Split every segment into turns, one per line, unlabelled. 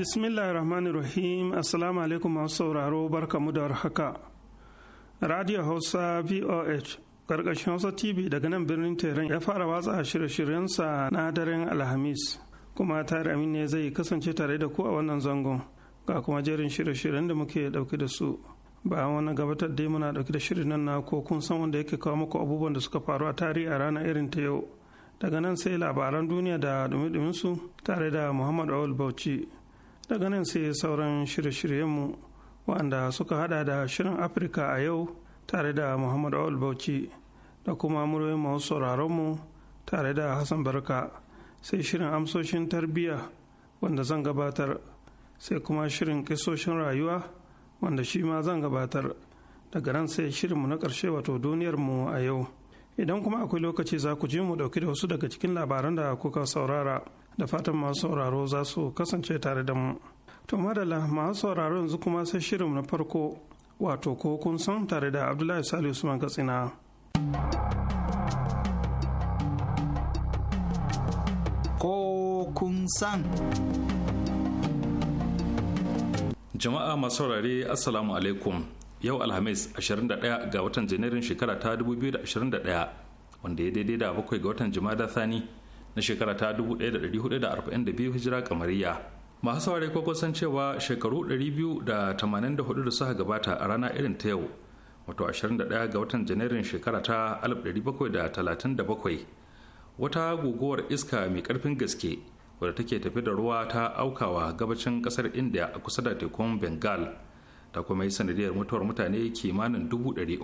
bismillahir rahmanir rahim assalamu alaikum masu sauraro barkamu da haka radio hausa voh karkashin hausa tv daga nan birnin tehran ya fara watsa shirye-shiryensa na daren alhamis kuma tare amin ne zai kasance tare da ku a wannan zangon ga kuma jerin shirye-shiryen da muke dauke da su ba wani gabatar da muna dauke da shirin nan na ko kun san wanda yake kawo muku abubuwan da suka faru a tarihi a ranar irin ta yau daga nan sai labaran duniya da dumi su tare da muhammad awul bauchi daga nan sai sauran shirye-shiryenmu waɗanda suka hada da shirin afirka a yau tare da muhammad awul bauchi da kuma muryoyin masu sauraronmu tare da hassan barka sai shirin amsoshin tarbiyya wanda zan gabatar sai kuma shirin kisoshin rayuwa wanda shi ma zan gabatar daga nan sai shirinmu na ƙarshe wato duniyarmu a yau idan kuma akwai lokaci za ku ji mu ɗauki da wasu daga cikin labaran da kuka saurara. da fatan masu sauraro za su kasance tare da mu to madalla masu sauraro yanzu kuma sai shirin na farko wato ko kun san tare da abdullahi salisu usman katsina
ko kun san
jama'a masu saurare assalamu alaikum yau alhamis 21 ga watan janairun shekara ta 2021 wanda ya daidai da bakwai ga watan da thani na shekara ta 1442 hijira kamariya masu saurare ko kusan cewa shekaru 284 da suka gabata a rana irin ta yau wato 21 ga watan janairun shekara ta 1737 wata guguwar iska mai karfin gaske wadda take tafi da ruwa ta aukawa gabacin kasar india a kusa da tekun bengal ta kuma yi sanadiyar mutuwar mutane kimanin dubu ɗari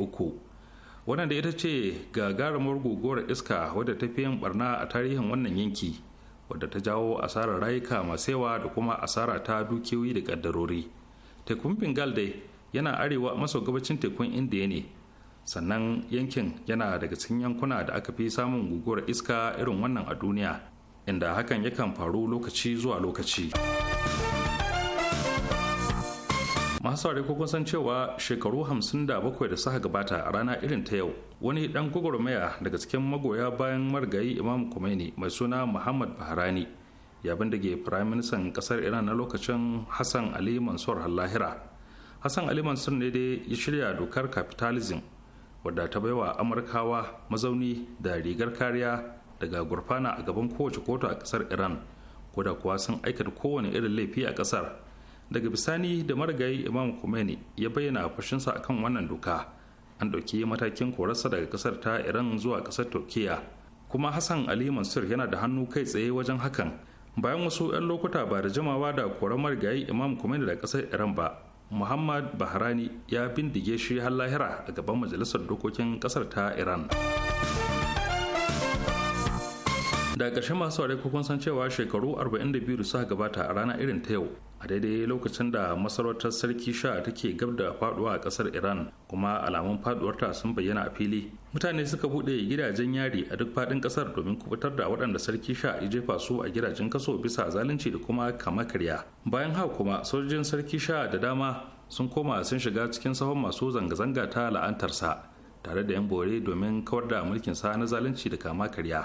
wannan da ita ce gagarumar guguwar iska wadda ta fi yin barna a tarihin wannan yanki wadda ta jawo asarar rayuka masu yawa da kuma asara ta dukiyoyi da kaddarori tekun bengal dai yana arewa maso gabacin tekun indiya ne sannan yankin yana daga cikin yankuna da aka fi samun guguwar iska irin wannan a duniya inda hakan yakan faru lokaci zuwa lokaci. masu saurari ko san cewa shekaru 57 da suka gabata a rana irin ta yau wani dan gwagwarmaya daga cikin magoya bayan margayi imam Khomeini mai suna muhammad bahrani ya bindige firayim ministan kasar iran na lokacin hassan ali mansur lahira hassan ali mansur ne dai ya shirya dokar capitalism wadda ta baiwa amurkawa mazauni da rigar kariya daga gurfana a gaban kowace kotu a kasar iran ko kuwa sun aikata kowane irin laifi a kasar daga bisani da marigayi imam kumeni ya bayyana fashinsa akan wannan doka an ɗauki matakin korarsa daga ƙasar ta iran zuwa ƙasar turkiya kuma hassan ali mansur yana da hannu kai tsaye wajen hakan bayan wasu 'yan lokuta ba da jimawa da koran marigayi imam kumeni daga kasar iran ba muhammad bahrani ya bindige shi har lahira a gaban majalisar dokokin kasar ta iran daga ƙarshen masu ware kukun san cewa shekaru 42 da suka gabata a rana irin ta yau a daidai lokacin da masarautar sarki sha take gab da faduwa a kasar iran kuma alamun faduwarta sun bayyana a fili mutane suka bude gidajen yari a duk fadin kasar domin kubutar da waɗanda sarki sha ya jefa su a gidajen kaso bisa zalunci da kuma kama karya bayan haka kuma sojojin sarki sha da dama sun koma sun shiga cikin sahon masu zanga-zanga ta la'antarsa tare da yan bore domin kawar da mulkin sa na zalunci da kama karya.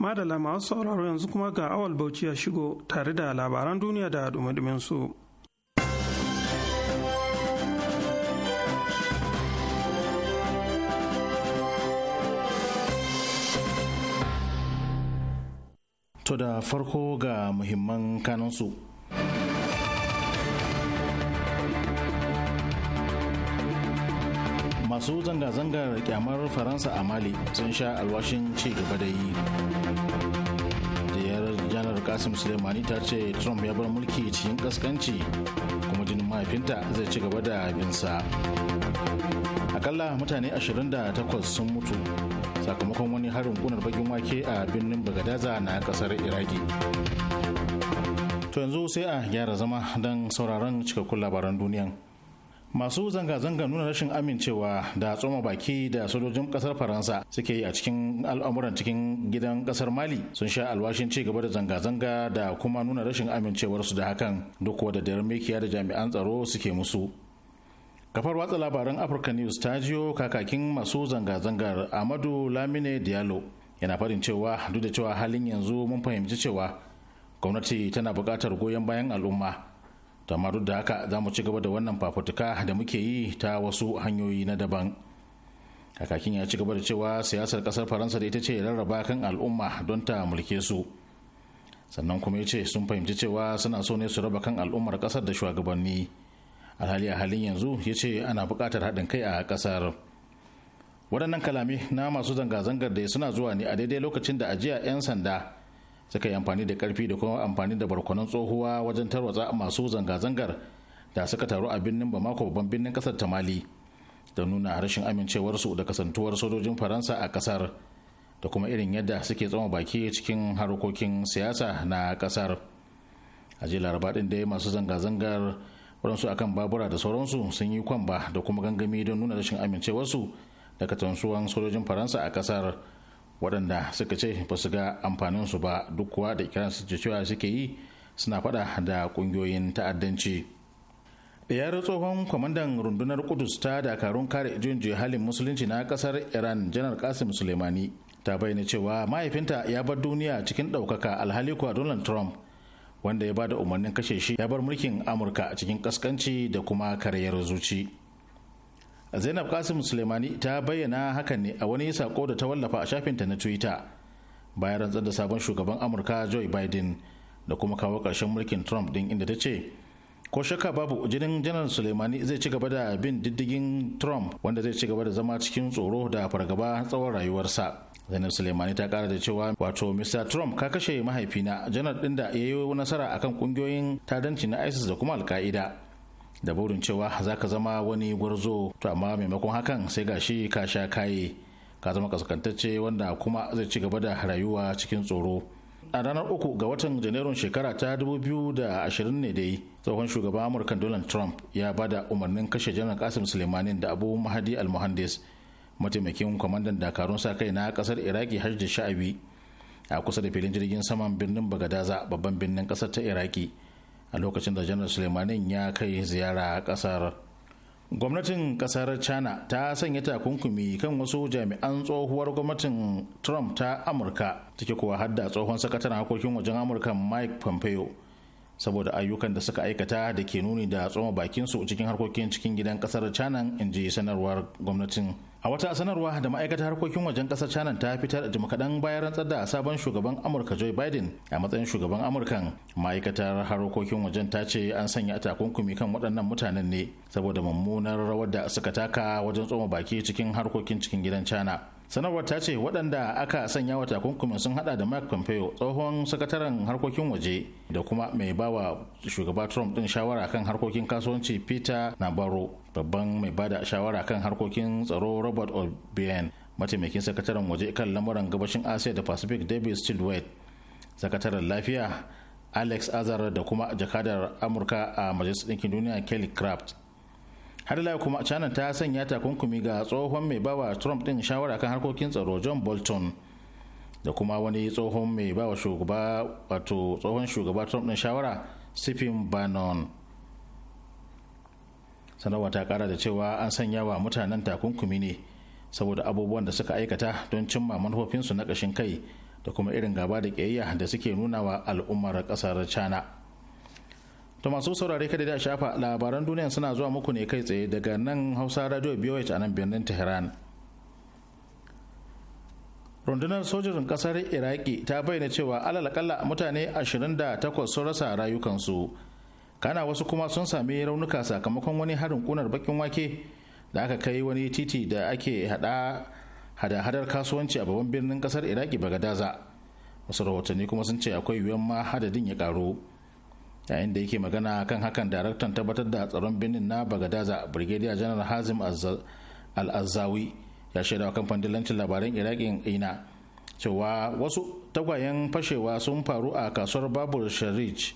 madala masu sauraro yanzu kuma ga awal bauchi ya shigo tare da labaran duniya da dumadumin su
to da farko ga muhimman kanansu masu zanga-zangar kyamar faransa a mali sun sha alwashin ci gaba da yi jiyar janar kasim sulemani ta ce trump ya bar mulki cikin kaskanci kuma jinin mahaifinta zai ci gaba da binsa akalla mutane 28 sun mutu sakamakon wani harin kunar bakin wake a birnin bagadaza na kasar iraki to yanzu sai a gyara zama don sauraron cikakkun labaran duniyan masu zanga-zanga nuna rashin amincewa da tsoma baki da sojojin kasar faransa suke yi a cikin al'amuran cikin gidan kasar mali sun sha alwashin ci gaba da zanga-zanga da kuma nuna rashin amincewarsu da hakan duk wadda da mekiya da jami'an tsaro suke musu kafar watsa labaran africa news ta jiyo kakakin masu zanga-zangar amadu lamine diallo yana farin cewa duk da cewa halin yanzu mun fahimci cewa gwamnati tana buƙatar goyon bayan al'umma to duk da haka za mu ci gaba da wannan fafutuka da muke yi ta wasu hanyoyi na daban kakakin ya ci gaba da cewa siyasar kasar faransa da ita ce rarraba kan al'umma don ta mulke su sannan kuma ya ce sun fahimci cewa suna so ne su raba kan al'ummar kasar da shugabanni alhali a halin yanzu ya ce ana buƙatar haɗin kai a kasar waɗannan kalami na masu zanga-zangar da suna zuwa ne a daidai lokacin da ajiya 'yan sanda suka yi amfani da karfi da kuma amfani da barkonan tsohuwa wajen tarwatsa masu zanga-zangar da suka taru a birnin bamako babban birnin kasar ta mali da nuna rashin amincewarsu da kasantuwar sojojin faransa a kasar da kuma irin yadda suke tsoma baki cikin harkokin siyasa na kasar a jiya laraba din dai masu zanga-zangar waɗansu akan babura da sauransu sun yi kwamba da kuma gangami don nuna rashin amincewarsu da katansuwan sojojin faransa a kasar waɗanda suka ce ba su ga amfaninsu ba duk kuwa da kiran su cewa suke yi suna faɗa da ƙungiyoyin ta'addanci ɗayar tsohon kwamandan rundunar kudus ta dakarun kare juyin halin musulunci na ƙasar iran janar kasim suleimani ta bayyana cewa mahaifinta ya bar duniya cikin ɗaukaka alhali kuwa donald trump wanda ya ba da umarnin kashe shi ya bar mulkin amurka cikin ƙasƙanci da kuma karyar zuci zainab kasim suleimani ta bayyana hakan ne a wani sako da ta wallafa a shafinta na twitter bayan rantsar da sabon shugaban amurka joe biden da kuma kawo karshen mulkin trump din inda ta ce ko shakka babu jinin janar suleimani zai ci gaba da bin diddigin trump wanda zai ci gaba da zama cikin tsoro da fargaba tsawon rayuwarsa zainab suleimani ta kara da cewa wato mr trump ka kashe mahaifina janar din da ya yi nasara akan kungiyoyin tadanci na isis da kuma alka'ida da burin cewa za ka zama wani gwarzo to amma maimakon hakan sai gashi ka sha kaye ka zama kaskantacce wanda kuma zai ci gaba da rayuwa cikin tsoro a ranar uku ga watan janairun shekara ta 2020 ne dai tsohon shugaban amurka donald trump ya bada umarnin kashe janar kasim suleimanin da abu mahadi almuhandis mataimakin kwamandan dakarun sa kai na kasar iraki hajji sha'abi a kusa da filin jirgin saman birnin bagadaza babban birnin kasar ta iraki a lokacin da janar sulaimanin ya kai ziyara a kasar gwamnatin kasar china ta sanya takunkumi kan wasu jami'an tsohuwar gwamnatin trump ta amurka take kuwa hadda tsohon sakataren harkokin wajen amurka mike pompeo saboda ayyukan da suka aikata da ke nuni da tsoma bakinsu cikin harkokin cikin gidan kasar china in ji sanarwar gwamnatin a wata sanarwa da ma'aikatar harkokin wajen kasar china ta fitar jim kaɗan bayan rantsar da sabon shugaban amurka joe biden a matsayin shugaban amurkan ma'aikatar harkokin wajen ta ce an sanya takunkumi kan waɗannan mutanen ne saboda mummunar rawar da suka taka wajen tsoma baki cikin harkokin cikin gidan Cana. sanarwar ta ce waɗanda aka sanya wa takunkumin sun hada da Mike pompeo tsohon sakataren harkokin waje da kuma mai bawa shugaba trump din shawara kan harkokin kasuwanci peter nabaro babban mai bada shawara kan harkokin tsaro robert o'brien mataimakin sakataren waje kan lamuran gabashin asiya da pacific david stilwell sakataren lafiya alex azar da kuma jakadar amurka a majalisar ɗinkin duniya kelly craft har ila kuma china ta sanya takunkumi ga tsohon mai bawa trump din shawara kan harkokin tsaro john bolton da kuma wani tsohon mai bawa shugaba wato tsohon shugaba trump din shawara stephen bannon sanarwa ta kara da cewa an sanya wa mutanen takunkumi ne saboda abubuwan da suka aikata don cimma manufofinsu na ƙashin kai da kuma irin gaba da ƙiyayya da suke nuna wa al'ummar ƙasar china to masu saurare kada da shafa labaran duniya suna zuwa muku ne kai tsaye daga nan hausa radio biyoyi a nan birnin tehran rundunar sojojin kasar iraki ta bayyana cewa alalakalla mutane 28 sun rasa rayukansu kana wasu kuma sun sami raunuka sakamakon wani harin kunar bakin wake da aka kai wani titi da ake hada hada-hadar kasuwanci a babban birnin kasar iraki bagadaza wasu rahotanni kuma sun ce akwai yiwuwar ma hadadin ya karu yayin da yake magana kan hakan daraktan tabbatar da tsaron birnin na bagadaza brigadier general hazim al-azawi ya shaida wa kamfanin dillancin labaran iraqin ina cewa wasu tagwayen fashewa sun faru a kasuwar babur sharij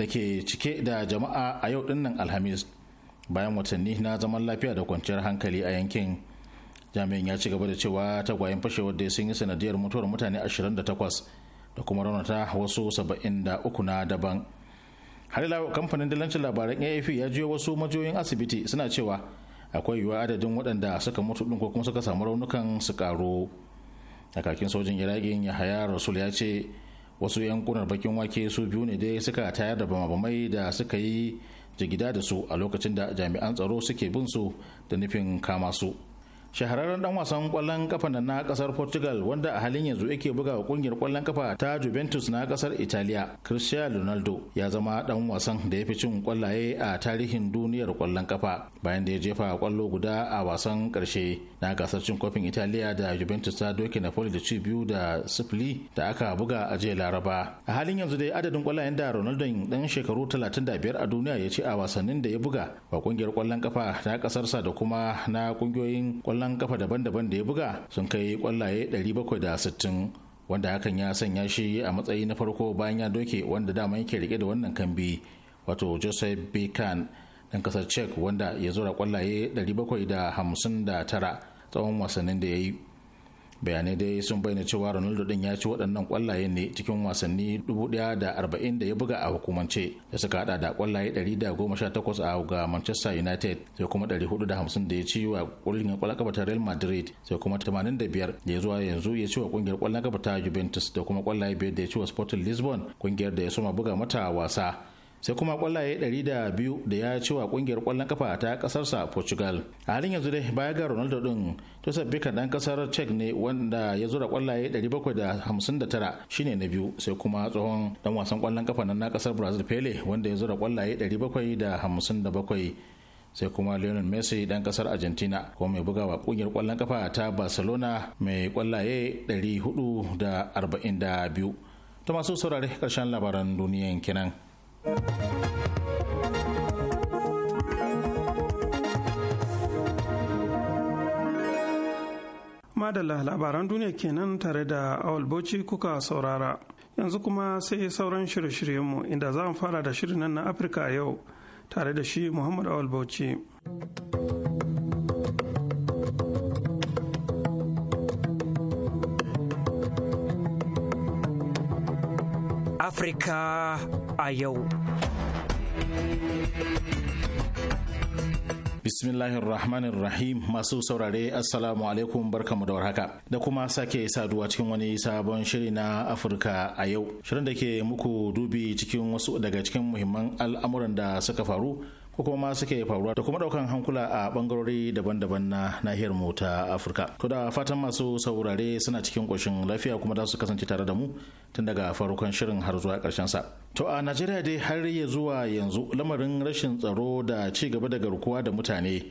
da ke cike da jama'a a yau dinnan alhamis bayan watanni na zaman lafiya da kwanciyar hankali a yankin jami'in ya ci gaba da cewa tagwayen fashewar da sun yi sanadiyar mutuwar mutane 28 da kuma raunata wasu 73 na daban har ila kamfanin dalancin labaran AAP ya jiyo wasu majiyoyin asibiti suna cewa akwai yiwuwa adadin waɗanda suka mutu ɗin ko kuma suka samu raunukan su karo a kakin sojin iraki yahaya rasul ya ce wasu 'yan kunar bakin wake su biyu ne dai suka tayar da bamabamai da suka yi jigida da su a lokacin da jami'an tsaro suke bin su da nufin kama su shahararren dan wasan kwallon kafa na kasar portugal wanda a halin yanzu yake buga wa kungiyar kwallon kafa ta juventus na kasar italiya cristiano ronaldo ya zama dan wasan da ya fi cin kwallaye a tarihin duniyar kwallon kafa bayan da ya jefa kwallo guda a wasan karshe na gasar cin kofin italiya da juventus ta doke napoli da cibiyu da sifili da aka buga a jiya laraba a halin yanzu dai adadin kwallayen da ronaldo dan shekaru 35 a duniya ya ci a wasannin da ya buga wa kungiyar kwallon kafa ta kasarsa da kuma na kungiyoyin kwallon kwallon kafa daban-daban da ya buga sun kai ƙwallaye 760 wanda hakan ya sanya shi a matsayi na farko bayan ya doke wanda dama yake rike da wannan kambi wato joseph bekan dan kasar czech wanda ya zura ƙwallaye 759 tsawon wasannin da ya yi bayanai dai sun bayyana cewa ronaldo din ya ci waɗannan kwallaye ne cikin wasanni 1040 da ya buga a hukumance da suka hada da kwallaye 118 a ga manchester united sai kuma 450 da ya ci wa kungiyar kwallon kafa ta real madrid sai kuma 85 da ya zuwa yanzu ya ci wa kungiyar kwallon kafa ta juventus da kuma kwallaye biyar da ya ci wa sporting lisbon kungiyar da ya soma buga mata wasa sai kuma kwallaye 200 da ya ci wa kungiyar kwallon kafa ta kasarsa portugal a halin yanzu dai baya ga ronaldo din joseph bika dan kasar czech ne wanda ya zura kwallaye 759 shine na biyu sai kuma tsohon dan wasan kwallon kafa na kasar brazil pele wanda ya zura kwallaye 757 sai kuma lionel messi dan kasar argentina kuma mai bugawa kungiyar kwallon kafa ta barcelona mai kwallaye 442 ta masu saurare karshen labaran duniyan kenan.
Madalla labaran duniya kenan tare da awal boci kuka saurara. Yanzu kuma sai sauran shirye-shiryenmu inda za mu fara da shirin nan na Afirka yau tare da shi Muhammad awal boci.
Afirka a yau.
Bismillahirrahmanirrahim masu saurare assalamu alaikum barkamu da warhaka da kuma sake saduwa cikin wani sabon shiri na Afirka a yau. Shirin da ke muku dubi cikin wasu daga cikin muhimman al'amuran da suka faru ko kuma suke faruwa da kuma daukan hankula a bangarori daban-daban na nahiyar mu ta afirka to da fatan masu saurare suna cikin ƙoshin lafiya kuma za su kasance tare da mu tun daga farkon shirin har zuwa karshen sa to a najeriya dai har ya zuwa yanzu lamarin rashin tsaro da ci gaba da garkuwa da mutane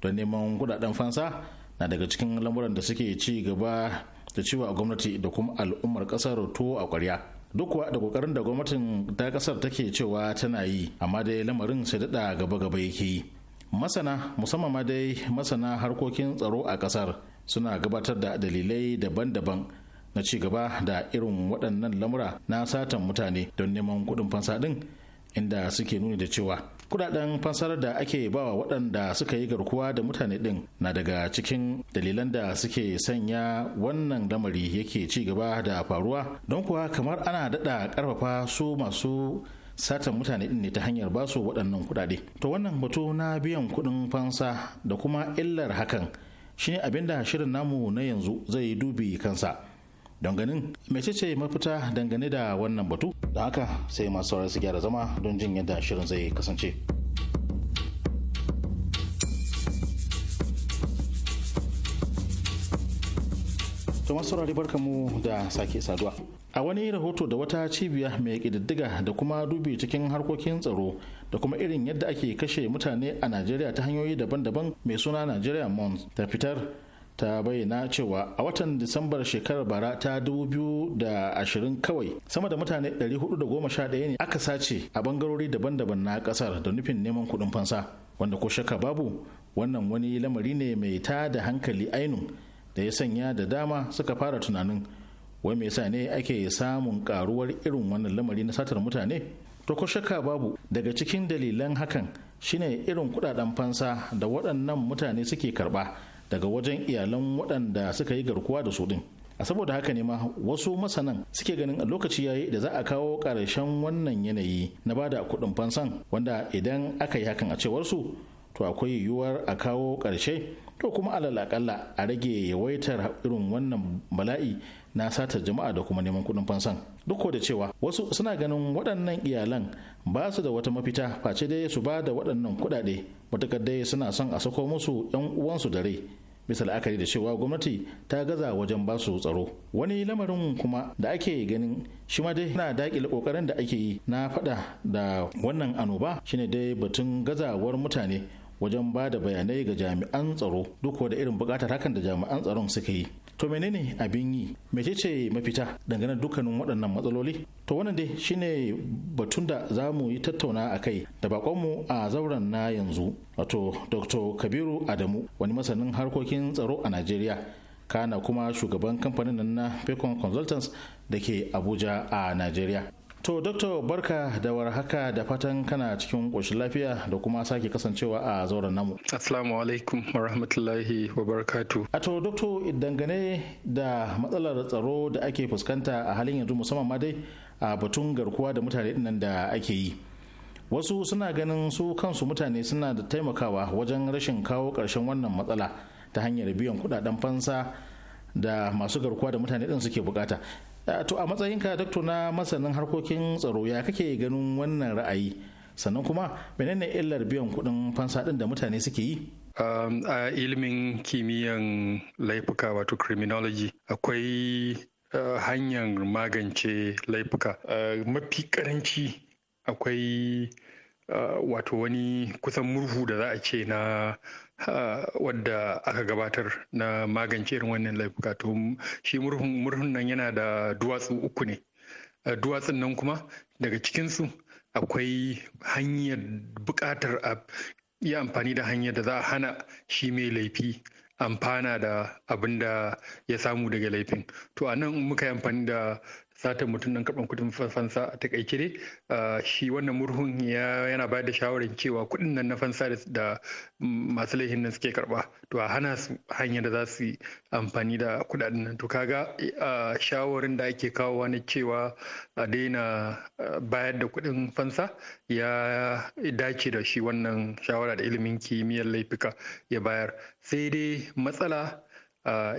don neman kudaden fansa na daga cikin lamuran da suke ci gaba da ciwo a gwamnati da kuma al'ummar kasar to a kwarya duk kuwa da kokarin da gwamnatin ta kasar take cewa tana yi amma dai lamarin sai daɗa gaba-gaba yake yi masana musamman ma dai masana harkokin tsaro a kasar suna gabatar da dalilai daban-daban na ci gaba da irin waɗannan lamura na satan mutane don neman kuɗin fansa ɗin inda suke nuni da cewa kudaden fansar da ake bawa waɗanda suka yi garkuwa da mutane ɗin na daga cikin dalilan da suke sanya wannan lamari yake ci gaba da faruwa don kuwa kamar ana daɗa ƙarfafa su masu satan mutane ɗin ne ta hanyar basu waɗannan kuɗaɗe to wannan batu na biyan kuɗin fansa da kuma illar hakan shine abinda shirin namu na yanzu zai dubi kansa don ganin mecece mafita dangane da wannan batu da haka sai masu saurari su gyara zama don jin yadda shirin zai kasance to masu barka mu da sake saduwa a wani rahoto da wata cibiya mai kididdiga da kuma dubi cikin harkokin tsaro da kuma irin yadda ake kashe mutane a najeriya ta hanyoyi daban-daban mai suna najeriya mons ta fitar ta bayyana cewa a watan disambar shekarar bara ta 2020 kawai sama da mutane 411 ne aka sace a bangarori daban-daban na kasar da nufin neman kuɗin fansa wanda ko shaka babu wannan wani lamari ne mai ta da hankali ainun da ya sanya da dama suka fara tunanin wai me yasa ne ake samun karuwar irin wannan lamari na satar mutane to ko shakka babu daga cikin dalilan hakan shine irin kudaden fansa da waɗannan mutane suke karba daga wajen iyalan waɗanda suka yi garkuwa da su din a saboda haka ne ma wasu masanan suke ganin a lokaci yayi da za a kawo ƙarshen wannan yanayi na bada kuɗin fansan wanda idan aka yi hakan a cewar su to akwai yiwuwar a kawo ƙarshe to kuma alal akalla a rage yawaitar irin wannan bala'i na satar jama'a da kuma neman kuɗin fansan duk da cewa wasu suna ganin waɗannan iyalan ba su da wata mafita face dai su ba da waɗannan kuɗaɗe matukar dai suna son a sako musu 'yan uwansu da rai bisa la'akari da cewa gwamnati ta gaza wajen ba su tsaro wani lamarin kuma da ake ganin shi ma dai na dakile kokarin da ake yi na fada da wannan annoba shine dai batun gazawar mutane wajen ba da bayanai ga jami'an tsaro duk da irin bukatar hakan da jami'an tsaron suka yi to menene abin yi ce mafita dangane dukkanin waɗannan matsaloli to wannan dai shine batun da za mu yi tattauna a kai da bakonmu a zauren na yanzu wato dr kabiru adamu wani masanin harkokin tsaro a najeriya kana kuma shugaban kamfanin na pecon consultants da ke abuja a najeriya To, Dokta barka da warhaka da fatan kana cikin ƙoshin lafiya da kuma sake kasancewa a zauren namu. Assalamu alaikum wa rahmatullahi wa barakatu. A to, Dokta dangane da matsalar tsaro da ake fuskanta a halin yanzu musamman ma dai a batun garkuwa da mutane nan da ake yi. Wasu suna ganin su kansu mutane suna da taimakawa wajen rashin kawo ƙarshen wannan matsala ta hanyar biyan kuɗaɗen fansa da masu garkuwa da mutane ɗin suke buƙata. to a matsayinka dakto na masanin harkokin tsaro ya kake ganin wannan ra'ayi sannan kuma menene illar biyan kuɗin fansa ɗin da mutane suke yi
um, a ilimin kimiyyan laifuka wato criminology akwai uh, hanyar magance laifuka uh, mafi karanci akwai uh, wato wani kusan murhu da za a ce na wadda aka gabatar na magance irin wannan laifuka to shi murhun nan yana da duwatsu uku ne duwatsun nan kuma daga cikinsu akwai hanyar buƙatar a yi amfani da hanyar da za a hana shi mai laifi amfana da abin da ya samu daga laifin to a nan muka yi amfani da satan mutum don karɓar kudin fansa a takaice ne. shi wannan murhun yana bayar da shawarar cewa kuɗin nan na fansa da masu laifin nan suke karɓa to a hana su hanyar da za su yi amfani da kuɗaɗen nan to kaga shawarin da ake kawowa na cewa a daina bayar da kudin fansa ya dace da shi wannan shawara da ilimin kimiyyar laifuka ya bayar sai dai matsala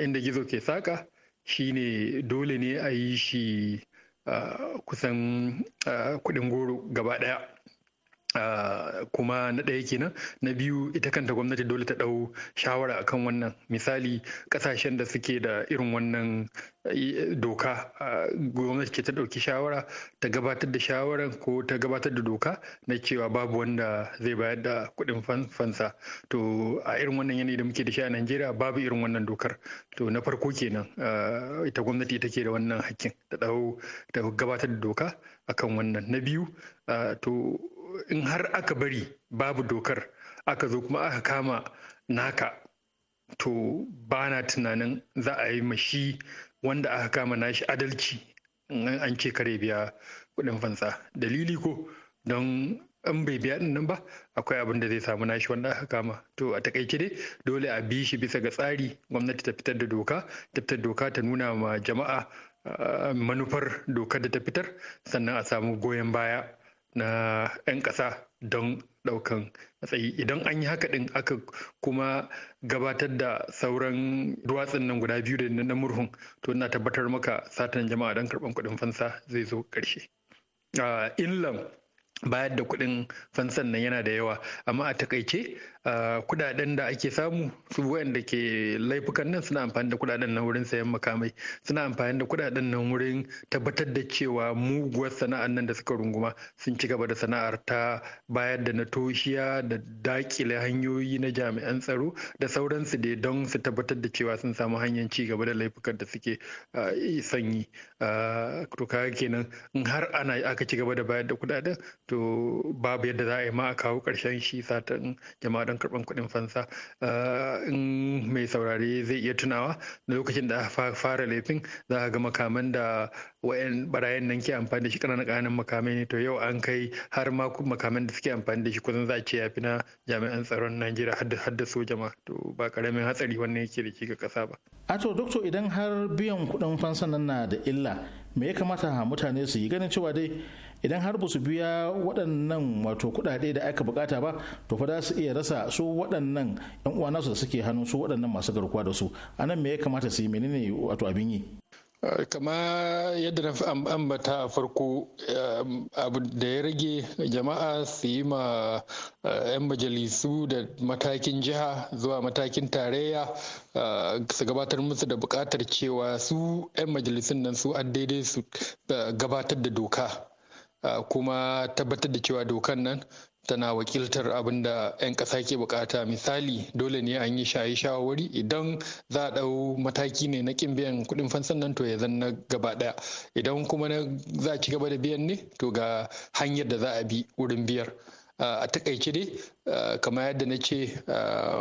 inda gizo ke saka shine dole ne a yi shi ah, kusan ah, kudin goro gaba daya Uh, kuma na ɗaya kenan na biyu ita kanta gwamnati dole ta ɗau shawara akan wannan misali ƙasashen da suke da irin wannan eh, doka gwamnati ce ta ɗauki shawara ta gabatar da shawaran ko ta gabatar da doka na cewa babu wanda zai bayar da kuɗin fansa to a irin wannan yanayi da muke da shi a najeriya babu irin wannan dokar to na farko kenan ita gwamnati ita ke da wannan hakkin ta ɗau ta gabatar da doka akan wannan na biyu to in har aka bari babu dokar aka zo kuma aka kama naka to ba na tunanin za a yi mashi wanda aka kama nashi adalci in an ce kare biya kudin fansa dalili ko don in bai biya din nan ba akwai abin da zai samu nashi wanda aka kama to a takaice dai dole a bi shi bisa ga tsari gwamnati ta fitar da doka ta fitar doka ta nuna ma jama'a ah, manufar dokar da ta fitar sannan a samu goyon baya na 'yan ƙasa don ɗaukan matsayi idan an yi haka ɗin aka kuma gabatar da sauran duwatsun nan guda biyu da na murhun to ina tabbatar maka satan jama'a don karɓan kuɗin fansa zai zo ƙarshe ah, inlan bayar da kuɗin fansan nan yana da yawa amma a takaice kudaden da ake samu su wayanda ke laifukan nan suna amfani da kudaden nan wurin sayan makamai suna amfani da kudaden nan wurin tabbatar da cewa muguwar sana'ar nan da suka runguma sun ci gaba da sana'ar ta bayar da na toshiya da dakile hanyoyi na jami'an tsaro da sauransu dai don su tabbatar da cewa sun samu hanyar ci gaba da laifukan da suke sanyi to kaga kenan in har ana aka ci gaba da bayar da kudaden to babu yadda za a yi ma a kawo karshen shi satan jama'a don karban kuɗin fansa eh, in mai saurare zai iya tunawa na lokacin da aka fara laifin za a ga makaman da wayan barayin nan ke amfani da shi ƙananan ƙananan makamai ne to yau an kai har ma makaman da suke amfani da shi kusan za a ce ya fi na jami'an tsaron najeriya har da soja ma to ba ƙaramin hatsari wannan yake da ga ƙasa ba.
a to doktor idan har biyan kuɗin fansa nan na da illa me ya kamata mutane su yi ganin cewa dai idan har ba su biya waɗannan wato kuɗaɗe da aka bukata ba to fa za su iya rasa su waɗannan yan uwa nasu da suke hannu su waɗannan masu garkuwa da su anan me ya kamata su yi menene
wato abin yi eh, kama yadda na ambata a farko eh, abu da ya rage jama'a su yi ma eh, 'yan majalisu da matakin jiha zuwa matakin tarayya su gabatar musu da bukatar cewa su 'yan majalisun nan su daidai su gabatar da doka kuma tabbatar da cewa dokan nan tana wakiltar abin da 'yan ƙasa ke bukata misali dole ne an yi shaye shawarwari idan za a ɗau mataki ne na ƙin biyan kuɗin fansan nan to ya zan na gaba ɗaya idan kuma za a ci gaba da biyan ne to ga hanyar da za a bi wurin biyar a takaice dai kamar yadda na ce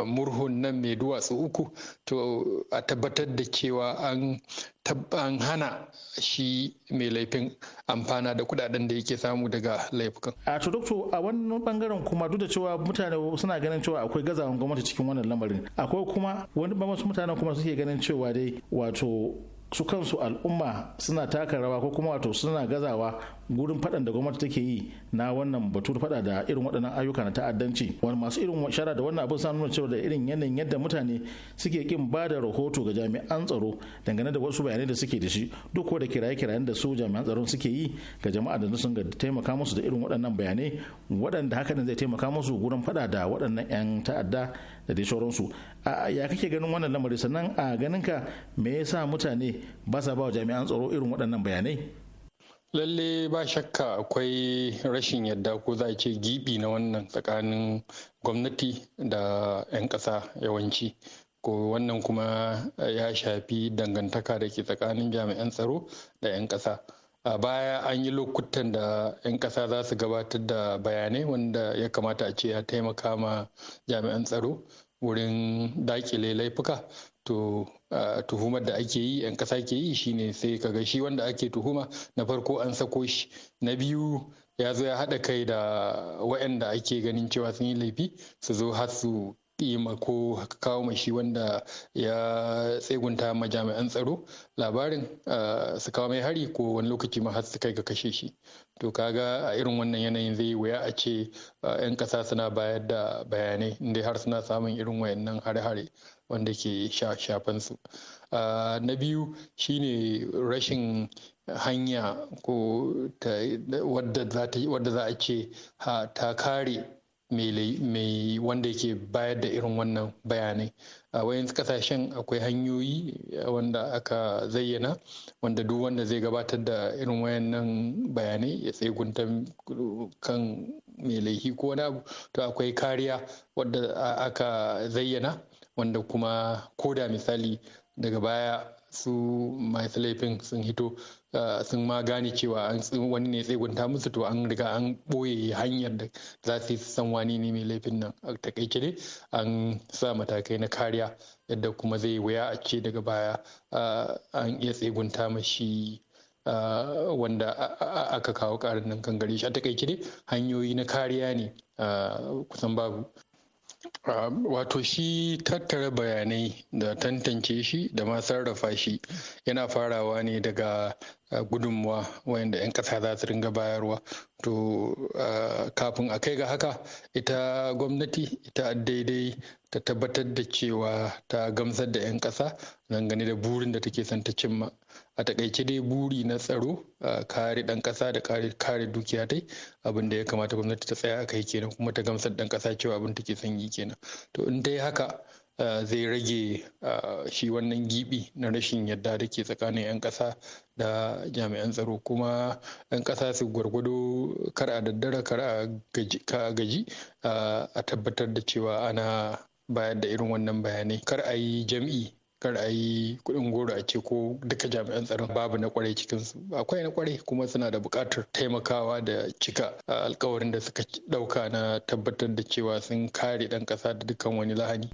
murhun nan mai duwatsu uku to a tabbatar da cewa an hana shi mai laifin amfana da kudaden da yake samu daga laifukan. a
to doktor a wannan bangaren kuma duk da cewa mutane suna ganin cewa akwai gazawan gwamnati cikin wannan lamarin akwai kuma wani bangaren mutane kuma suke ganin cewa dai wato su kansu al'umma suna taka rawa ko kuma wato suna gazawa gurin fadan da gwamnati take yi na wannan da fada da irin waɗannan ayyuka na ta'addanci wani masu irin shara da wannan abin sanar cewa da irin yanayin yadda mutane suke kin ba da rahoto ga jami'an tsaro dangane da wasu bayanai da suke da shi duk da kiraye-kirayen da su jami'an tsaro suke yi ga jama'a da sun ga taimaka musu da irin waɗannan bayanai waɗanda haka zai taimaka musu gurin fada da waɗannan 'yan ta'adda da dai sauransu a ya kake ganin wannan lamari sannan a ganin ka me yasa mutane ba sa ba jami'an tsaro irin waɗannan bayanai
lalle ba shakka akwai rashin yadda ko za a ce gibi na wannan tsakanin gwamnati da 'yan ƙasa yawanci ko wannan kuma ya shafi dangantaka da ke tsakanin jami'an tsaro da 'yan ƙasa a baya an yi lokutan da 'yan ƙasa za su gabatar da bayanai wanda ya kamata a ce ya taimaka ma jami'an tsaro wurin dakile laifuka to tuhumar da ake yi 'yan ƙasa ke yi shine sai ka shi wanda ake tuhuma na farko an sako shi na biyu ya zo ya haɗa kai da waɗanda ake ganin cewa sun yi laifi su zo har su kima ko kawo ma shi wanda ya tsegunta majami'an tsaro labarin su kawo mai hari ko wani lokaci ma har su kai ga kashe shi to kaga a irin wannan yanayin zai wuya a ce 'yan kasa suna bayar da bayanai inda har suna samun irin wayannan hare-hare wanda ke shafan su na biyu shine rashin hanya ko wadda za a ce ta kare mai wanda yake bayar da irin wannan bayanai a wayan kasashen akwai hanyoyi eh, wanda aka zayyana wanda duk wanda zai gabatar da irin nan bayanai ya tsegunta kan mai laifi ko wani abu to akwai kariya wadda aka zayyana wanda kuma koda misali daga baya su masu laifin sun hito ah, sun ma gane cewa an wani ne tsegunta musu to an riga an ɓoye hanyar da za su yi san wani ne mai laifin nan a takaice ne an sa matakai na kariya yadda kuma zai wuya a ce daga baya ah, an iya tsegunta mashi ah, wanda aka kawo karin nan kan gare shi a takaice ne hanyoyi na kariya ne kusan babu Um, wato shi tattara bayanai da tantance shi da ma sarrafa shi yana farawa ne daga uh, gudunmuwa wanda 'yan ƙasa za su ringa bayarwa to uh, kafin a kai ga haka ita gwamnati ita daidai ta tabbatar da cewa ta gamsar da 'yan ƙasa dangane da burin da take son ta cimma a takaice dai buri na tsaro a kare dan kasa da kare dukiya dai abin da ya kamata gwamnati ta tsaya yi kenan kuma ta gamsar dan kasa cewa abin take son yi kenan to in dai haka zai rage shi wannan gibi na rashin yadda da ke tsakanin 'yan ƙasa da jami'an tsaro kuma 'yan ƙasa su gwargwado kar a daddara kar a gaji a tabbatar da cewa ana bayar da irin wannan bayanai kar a yi jam'i kar a yi kuɗin goro a ce ko duka jami'an tsaron babu na kwarai cikin su akwai na kwarai kuma suna da buƙatar taimakawa da cika alkawarin da suka ɗauka na tabbatar da cewa sun kare ɗan ƙasa da dukkan wani lahani.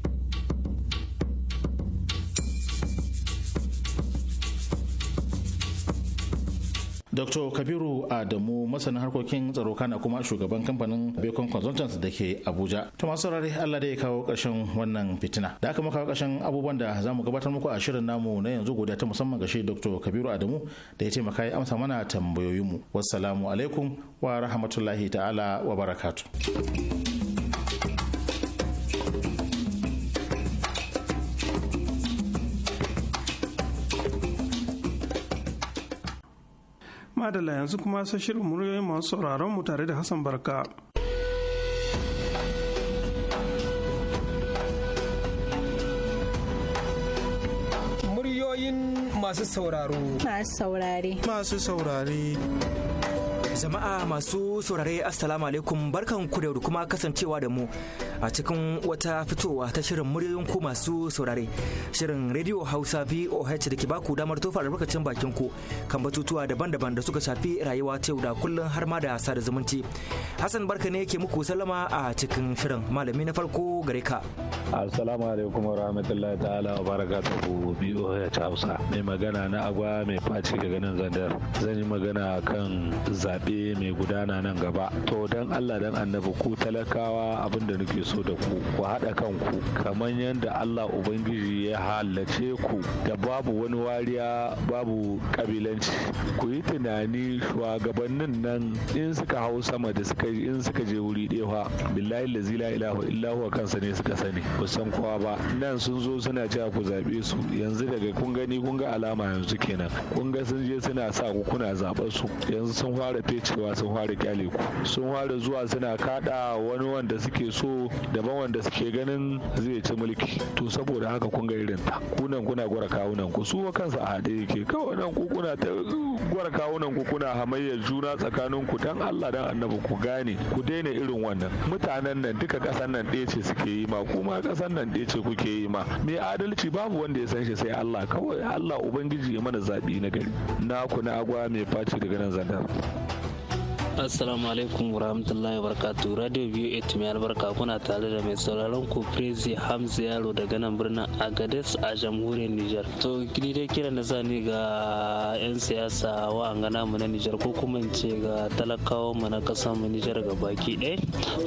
Dr. Kabiru Adamu masanin harkokin tsaro kana kuma shugaban kamfanin Bacon Consultants da ke Abuja. To masu saurari Allah da ya kawo ƙarshen wannan fitina. Da aka kawo ƙarshen abubuwan da za mu gabatar muku a shirin namu na yanzu guda ta musamman ga shi Dr. Kabiru Adamu da ya taimaka ya amsa mana tambayoyinmu. Wassalamu alaikum wa rahmatullahi ta'ala wa barakatu.
Adala yanzu kuma sai shirin muryoyin masu sauraron mu tare da Hassan Barka.
Muryoyin
masu sauraro.
Masu saurare.
Masu saurare. Jama'a masu saurare Assalamu alaikum barkan ku da kuma kasancewa da mu a cikin wata fitowa ta shirin muryoyin ku masu saurare. Shirin Radio Hausa VOH da ke baku damar tofa albarkacin bakin ku kan batutuwa daban-daban da suka shafi rayuwa ta da kullum har ma da sada zumunci. Hassan barka ne ke muku sallama a cikin shirin malami na farko gare ka.
Assalamu alaikum wa rahmatullahi ta'ala wa barakatuhu VOH Hausa. Mai magana na agwa mai faci daga nan zandar. Zan yi magana kan zaɓe zaɓe mai gudana nan gaba to don allah don annabi ku talakawa abin da nake so da ku ku haɗa kanku kamar yadda allah ubangiji ya halarce ku da babu wani wariya babu kabilanci ku yi tunani shugabannin nan in suka hau sama da suka in suka je wuri ɗewa billahi lazi zila ilahu illahu kansa ne suka sani ku san kowa ba nan sun zo suna cewa ku zaɓe su yanzu daga kun gani kun ga alama yanzu kenan kun ga sun je suna sa ku kuna zaɓar su yanzu sun fara bai cewa sun fara kyale ku sun fara zuwa suna kada wani wanda suke so daban wanda suke ganin zai ci mulki to saboda haka kun ga irin ta kunan kuna gwara kawunan ku su kansa a haɗe yake kawai nan ku kuna ta gwara kawunan ku kuna hamayyar juna tsakanin ku dan Allah dan annabi ku gane ku daina irin wannan mutanen nan duka kasan nan ɗaya ce suke yi ma kuma kasan nan ɗaya ce kuke yi ma me adalci babu wanda ya san shi sai Allah kawai Allah ubangiji ya mana zabi na gari naku na agwa mai faci daga nan zandar
assalamu alaikum wa rahmatullahi wa barakatu. radio biyu mai albarka kuna tare da mai sauraron ku prezi hamza yaro daga nan birnin agades a jamhuriyar Nijar? to ni dai kiran da zani ga yan siyasa wa gana mu na Nijar? ko kuma in ce ga talakawa mu na kasan mu nijar ga baki ɗaya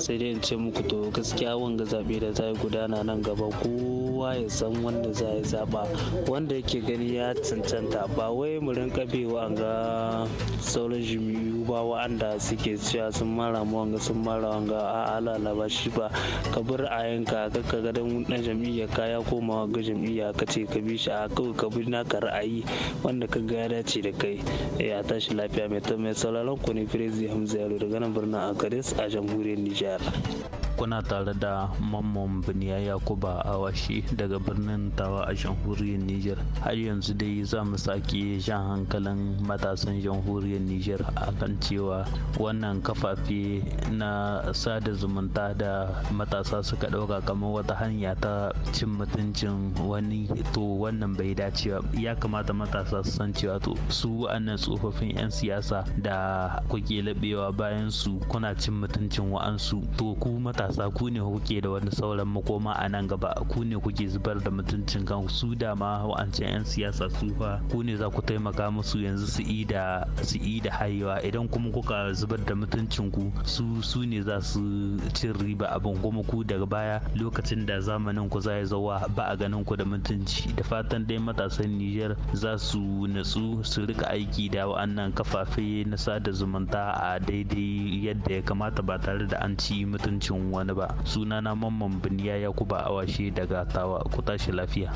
sai dai in ce muku to gaskiya wanga zaɓe da za gudana nan gaba kowa ya san wanda za yi zaɓa wanda yake gani ya cancanta ba wai mu rinka bewa ga sauran jimiyu ba wa'anda suke cewa sun mara wanga sun mara wanga a alalaba ba shi ba ka bar a yanka ka ka ga dan dan jam'iyyar ka ya koma ga jam'iyya ka ce ka bi shi a kawai ka bi naka ra'ayi wanda ka ga ya dace da kai eh, a tashi lafiya mai ta mai sauraron ku ne Firezi Hamza Yaro daga nan birnin Agadez a jamhuriyar Nijar. kuna tare da mamman biniya yakuba awashi daga birnin tawa a jamhuriyar niger har yanzu dai za mu sake jan hankalin matasan jamhuriyar niger akan cewa wannan kafafe na sada zumunta da matasa suka ɗauka kamar wata hanya ta cin mutuncin wani to wannan bai dace ba ya kamata matasa su san cewa to su wa'annan tsofaffin 'yan siyasa da kuke laɓewa bayan su kuna cin mutuncin wa'ansu to ku matasa matasa ku ne kuke da wani sauran makoma a nan gaba ku ne kuke zubar da mutuncin kan su da ma wa'ancan 'yan siyasa su fa ku ne za ku taimaka musu yanzu su yi da su yi da hayewa idan kuma kuka zubar da mutuncin ku su su ne za su cin riba abin kuma ku daga baya lokacin da zamanin ku za ya zawa ba a ganin ku da mutunci da fatan dai matasan Nijar za su natsu su rika aiki da wa'annan kafafe na sada zumunta a daidai yadda ya kamata ba tare da an ci mutuncin wani ba sunana mamman biniya yakuba awashe daga tawa ku tashi lafiya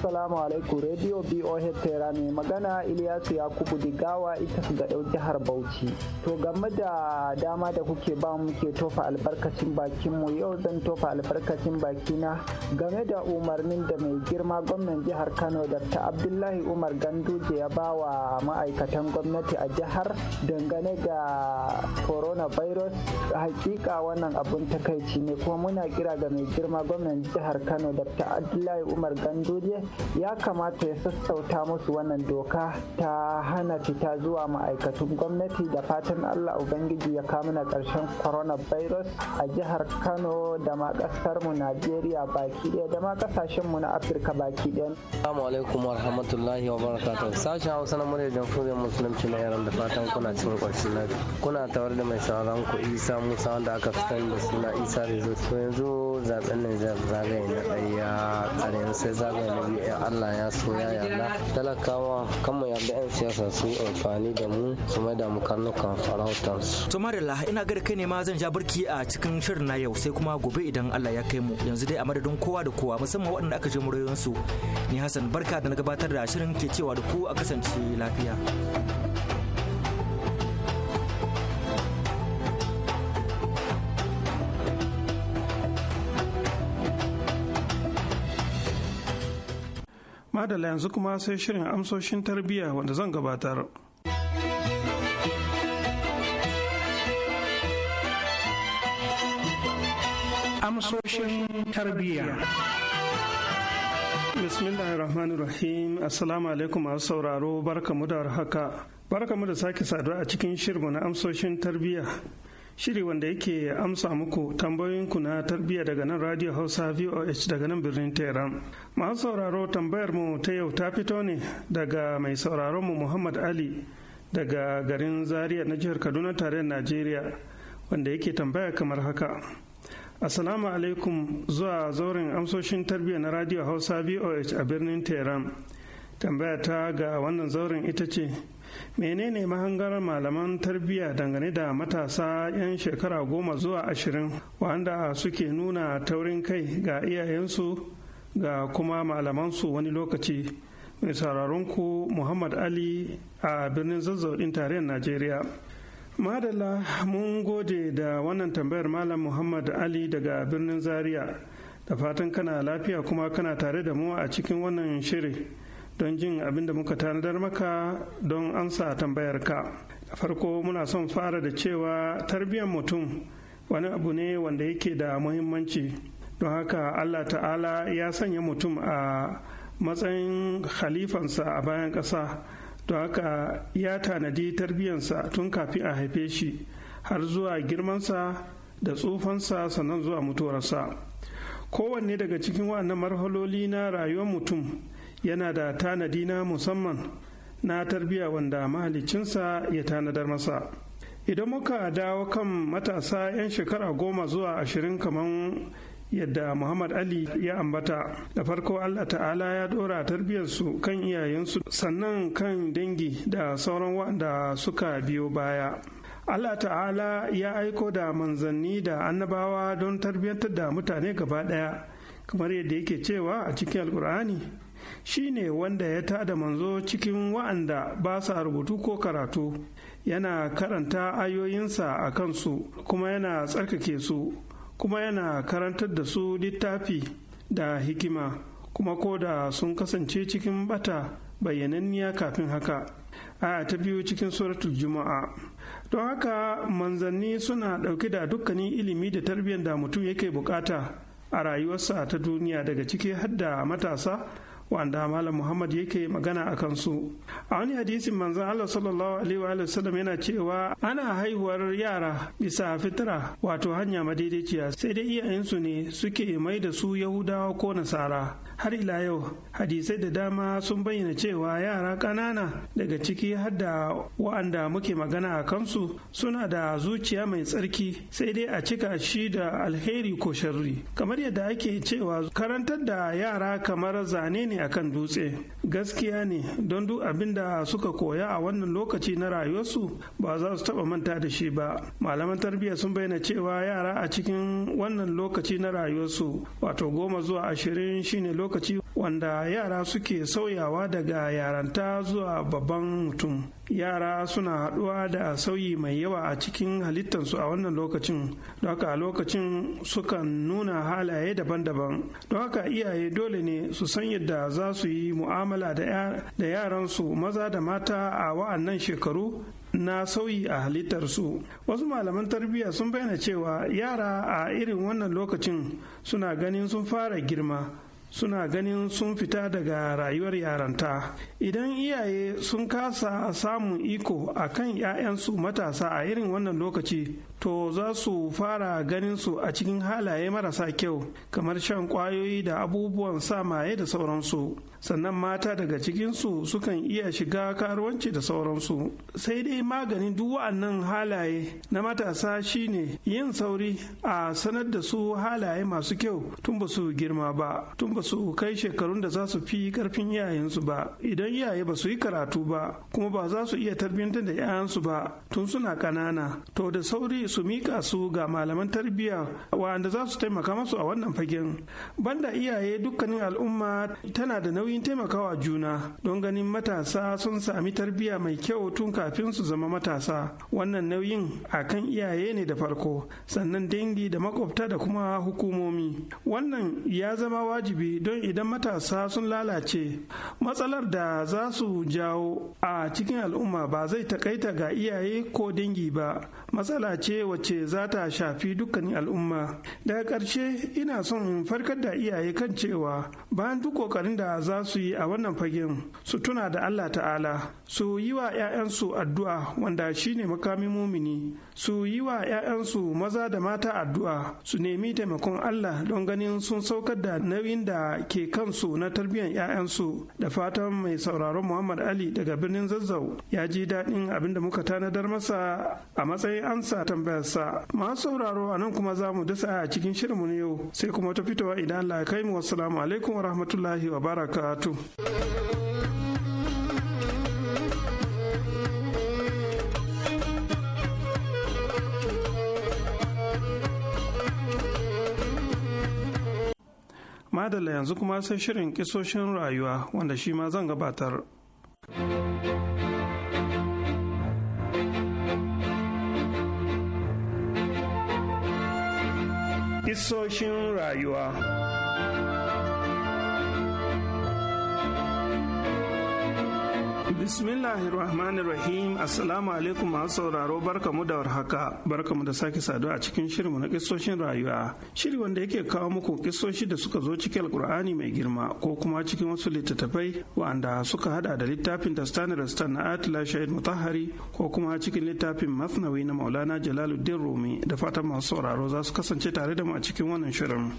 Assalamu alaikum Radio BOH Tera mai magana Ilyasu Yakubu Digawa ita ga ɗau jihar Bauchi. To game da dama da kuke ba mu ke tofa albarkacin bakin mu yau zan tofa albarkacin bakina game da umarnin da mai girma gwamnan jihar Kano Dr. Abdullahi Umar Ganduje ya ba wa ma'aikatan gwamnati a jihar dangane da coronavirus hakika wannan abun takaici ne kuma muna kira ga mai girma gwamnan jihar Kano Dr. Abdullahi Umar Ganduje ya kamata ya sassauta musu wannan doka ta hana fita zuwa ma'aikatun gwamnati da fatan allah ubangiji ya kamu na ƙarshen coronavirus a jihar kano da ma mu najeriya baki ɗaya da ma mu na afirka baki ɗaya.
assalamu alaikum wa rahmatullahi wa barakatu sashen hausa na murya jamhuriyar musulunci na yaran da fatan kuna cikin ƙarshen lafiya kuna tawar da mai sauran ku isa musa wanda aka fi sani da suna isa rezo yanzu zaɓen nan zagaye na ɗaya a sai zagaye na biyu ya eh, allah ya so ya yalla talakawa kan mu yarda 'yan siyasa su amfani da mu su mai da mu karnukan farautansu.
to marilla ina gari kai ne ma zan ja barki a cikin shirin na yau sai kuma gobe idan allah ya kai mu yanzu dai a madadin kowa da kowa musamman waɗanda aka je su ni hassan barka da na gabatar da shirin ke cewa da ku a kasance lafiya.
Madala yanzu kuma sai shirin amsoshin tarbiyya wanda zan gabatar. Amsoshin tarbiyya. Rahim Assalamu alaikum masu sauraro barka da haka. Barkamu da sake saduwa a cikin shirin na amsoshin tarbiyya. shiri wanda yake amsa muku tambayoyinku na tarbiyya daga nan radio hausa voh daga nan birnin tehran masu sauraro tambayar mu ta yau ta fito ne daga mai sauraron mu muhammad ali daga garin zaria na jihar kaduna tarayyar najeriya wanda yake tambaya kamar haka assalamu alaikum zuwa zauren amsoshin tarbiyya na radio hausa voh a birnin tehran tambaya ta ga wannan zauren ita ce menene mahangar malaman tarbiyya dangane da matasa 'yan shekara goma zuwa ashirin wanda suke nuna taurin kai ga iyayensu ga kuma malamansu wani lokaci mai ku muhammad ali a birnin zazzau zazzaudin tarayyar najeriya madalla mun gode da wannan tambayar malam muhammad ali daga birnin zaria da fatan kana lafiya kuma kana tare da mu a cikin wannan shirin don jin abin da muka tanadar maka don amsa tambayarka ka farko muna son fara da cewa tarbiyyar mutum wani abu ne wanda yake da muhimmanci don haka allah ta'ala ya sanya mutum a matsayin khalifansa a bayan ƙasa don haka ya tanadi tarbiyyarsa tun kafin a haife shi har zuwa girmansa da tsufansa sannan zuwa mutuwarsa kowanne daga cikin waɗannan marhaloli na rayuwar mutum yana da tanadi na musamman na tarbiyya wanda mahalicinsa ya tanadar masa idan muka dawo kan matasa 'yan shekara goma zuwa ashirin kamar yadda muhammad ali ya ambata da farko allah ta'ala ya dora tarbiyyarsu kan iyayensu sannan kan dangi da sauran waɗanda suka biyo baya Allah ta'ala ya aiko da manzanni da annabawa don tarbiyyantar da mutane gaba ɗaya kamar yadda yake cewa a cikin alkur'ani Shi ne wanda ya tada manzo cikin wa'anda ba sa rubutu ko karatu yana karanta ayoyinsa a kansu kuma yana tsarkake su kuma yana karantar da su littafi da hikima kuma ko da sun kasance cikin bata bayyananniya kafin haka a ta biyu cikin suratul juma'a don haka manzanni suna ɗauke da dukkanin ilimi da tarbiyyar da mutum yake bukata a rayuwarsa ta duniya daga ciki har da matasa wanda malam muhammad yake magana a kansu a wani hadisin manzon allah sallallahu alaihi wa sallam yana cewa ana haihuwar yara bisa fitra wato hanya madaidaiciya sai dai iyayensu ne suke mai da su yahudawa ko nasara har ila yau hadisai da dama sun bayyana cewa yara ƙanana daga ciki har da wa'anda muke magana a kansu suna da zuciya mai tsarki sai dai a cika shi da alheri ko sharri kamar yadda ake cewa karantar da yara kamar zane ne akan dutse gaskiya ne don duk abin da suka koya a wannan lokaci na rayuwarsu ba za su taba manta da shi ba malaman tarbiyya sun bayyana cewa yara a cikin wannan lokaci na rayuwarsu wato goma zuwa ashirin shine lokaci lokaci wanda yara suke sauyawa daga yaranta zuwa babban mutum yara suna haɗuwa da sauyi mai yawa a cikin halittarsu a wannan lokacin don haka a lokacin sukan nuna halaye daban-daban don haka iyaye dole ne su san yadda za su yi mu'amala da yaransu maza da mata a wa'annan shekaru na sauyi a halittarsu wasu malaman tarbiyya sun bayyana cewa yara a irin wannan lokacin suna ganin sun fara girma suna ganin sun fita daga rayuwar yaranta idan iyaye sun kasa samun iko a kan 'ya'yansu matasa a irin wannan lokaci to za su fara ganin su a cikin halaye marasa kyau kamar shan kwayoyi da abubuwan sa maye da sauransu sannan mata daga cikinsu sukan iya shiga karuwanci da sauransu sai dai maganin duk wa'annan halaye na matasa shine yin sauri a sanar da su halaye masu kyau tun ba su girma ba tun ba su kai shekarun da za su fi karfin iyayensu ba idan iyaye ba su yi karatu ba kuma ba za su iya tarbiyyantar da 'ya'yansu ba tun suna ƙanana to da sauri su mika su ga malaman tarbiyya wanda za su taimaka masu a wannan fagen banda iyaye dukkanin al'umma tana da nauyin taimakawa juna don ganin matasa sun sami tarbiyya mai kyau tun kafin su zama matasa wannan nauyin a kan iyaye ne da farko sannan dangi da makwabta da kuma hukumomi wannan ya zama wajibi don idan matasa sun lalace matsalar da za su jawo a cikin al'umma ba zai takaita ga iyaye ko dangi ba matsala ce wacce za ta shafi dukkanin al'umma daga ƙarshe ina son in farkar da iyaye kan cewa bayan duk ƙoƙarin da za su yi a wannan fagen su tuna da allah ta'ala su yi wa 'ya'yansu addu'a wanda shine makamin mumini su yi wa 'ya'yansu maza da mata addu'a su nemi taimakon allah don ganin sun saukar da nauyin da ke kansu na tarbiyyar 'ya'yansu da fatan mai sauraron muhammad ali daga birnin zazzau ya ji daɗin abin da muka tanadar masa a matsayin ya amsa sa masu sauraro a nan kuma za mu dasa a cikin shirinmu na yau sai kuma ta fitowa idan Allah ya kai mu wassalamu alaikum wa rahmatullahi wa barakatu Madalla yanzu kuma sai shirin kisoshin rayuwa wanda shi ma zan gabatar. kisoshin rayuwa. Bismillahirrahmanirrahim Assalamu alaikum masu sauraro barkamu da warhaka barkamu da sake saduwa a cikin shirinmu na kisoshin rayuwa shiri wanda yake kawo muku kisoshi da suka zo cikin alkur'ani mai girma ko kuma cikin wasu littattafai wanda suka hada da littafin da Dastani Rastan na Atila Shahid Mutahari ko kuma cikin littafin Masnawi na Maulana Jalaluddin Rumi da fatan masu sauraro za su kasance tare da mu a cikin wannan shirin.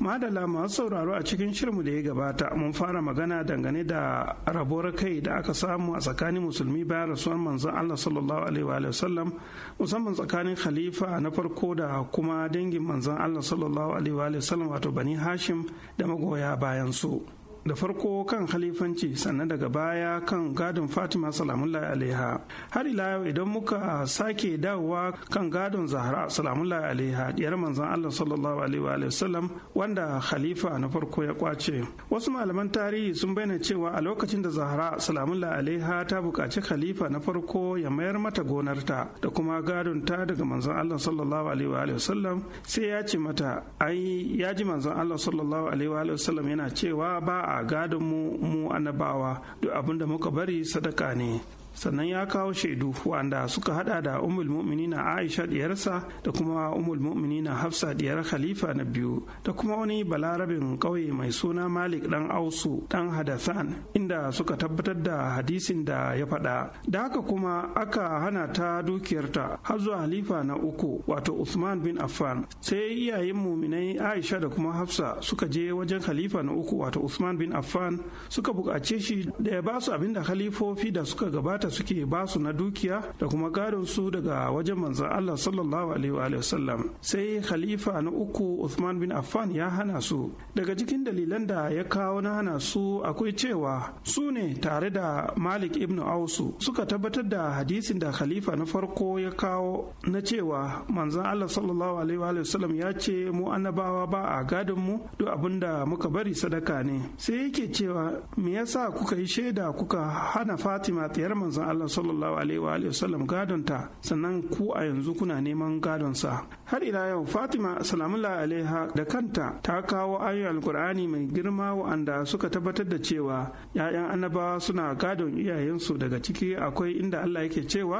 madala masu sauraro a cikin shirmu da ya gabata mun fara magana dangane da rabuwar kai da aka samu a tsakanin musulmi bayan rasuwar manzon Allah sallallahu alaihi wa sallam musamman tsakanin khalifa na farko da kuma dangin manzon Allah sallallahu alaihi wa sallam wato bani Hashim da magoya bayan su. da farko kan halifanci sannan daga baya kan gadon fatima salamullahi alaiha har ila yau idan muka sake dawowa kan gadon zahra salamullahi alaiha diyar manzon allah sallallahu alaihi wa sallam wanda khalifa na farko ya kwace wasu malaman tarihi sun bayyana cewa a lokacin da zahra salamullahi alaiha ta buƙaci khalifa na farko ya mayar mata gonarta da kuma gadon ta daga manzon allah sallallahu alaihi wa sallam sai ya ce mata ai ya ji manzon allah sallallahu alaihi wa sallam yana cewa ba a gadonmu mu annabawa duk abinda muka bari sadaka ne sannan ya kawo shaidu wanda suka hada da umul mu'minina aisha diyarsa da kuma umul mu'minina hafsa diyar khalifa na biyu da kuma wani balarabin ƙauye mai suna malik dan ausu dan hadathan inda suka tabbatar da hadisin da ya faɗa da haka kuma aka hana ta dukiyarta har zuwa halifa na uku wato usman bin affan sai iyayen muminai aisha da kuma hafsa suka je wajen khalifa na uku wato usman bin affan suka buƙace shi da ya ba su abin da khalifofi da suka gabata bukata suke basu na dukiya da kuma gadon su daga wajen manzan Allah sallallahu alaihi wa sallam sai khalifa na uku Uthman bin Affan ya hana su daga cikin dalilan da ya kawo na hana su akwai cewa su ne tare da Malik ibn Ausu suka tabbatar da hadisin da khalifa na farko ya kawo na cewa manzan Allah sallallahu alaihi wa sallam ya ce mu annabawa ba a gadon mu duk da muka bari sadaka ne sai yake cewa me yasa kuka yi shaida kuka hana Fatima tiyar manzon Allah sallallahu alaihi wa alihi wasallam gadonta sannan ku a yanzu kuna neman gadonsa har ila yau Fatima salamullahi alaiha da kanta ta kawo ayoyin alkur'ani mai girma wa'anda suka tabbatar da cewa 'ya'yan annabawa suna gadon iyayensu daga ciki akwai inda Allah yake cewa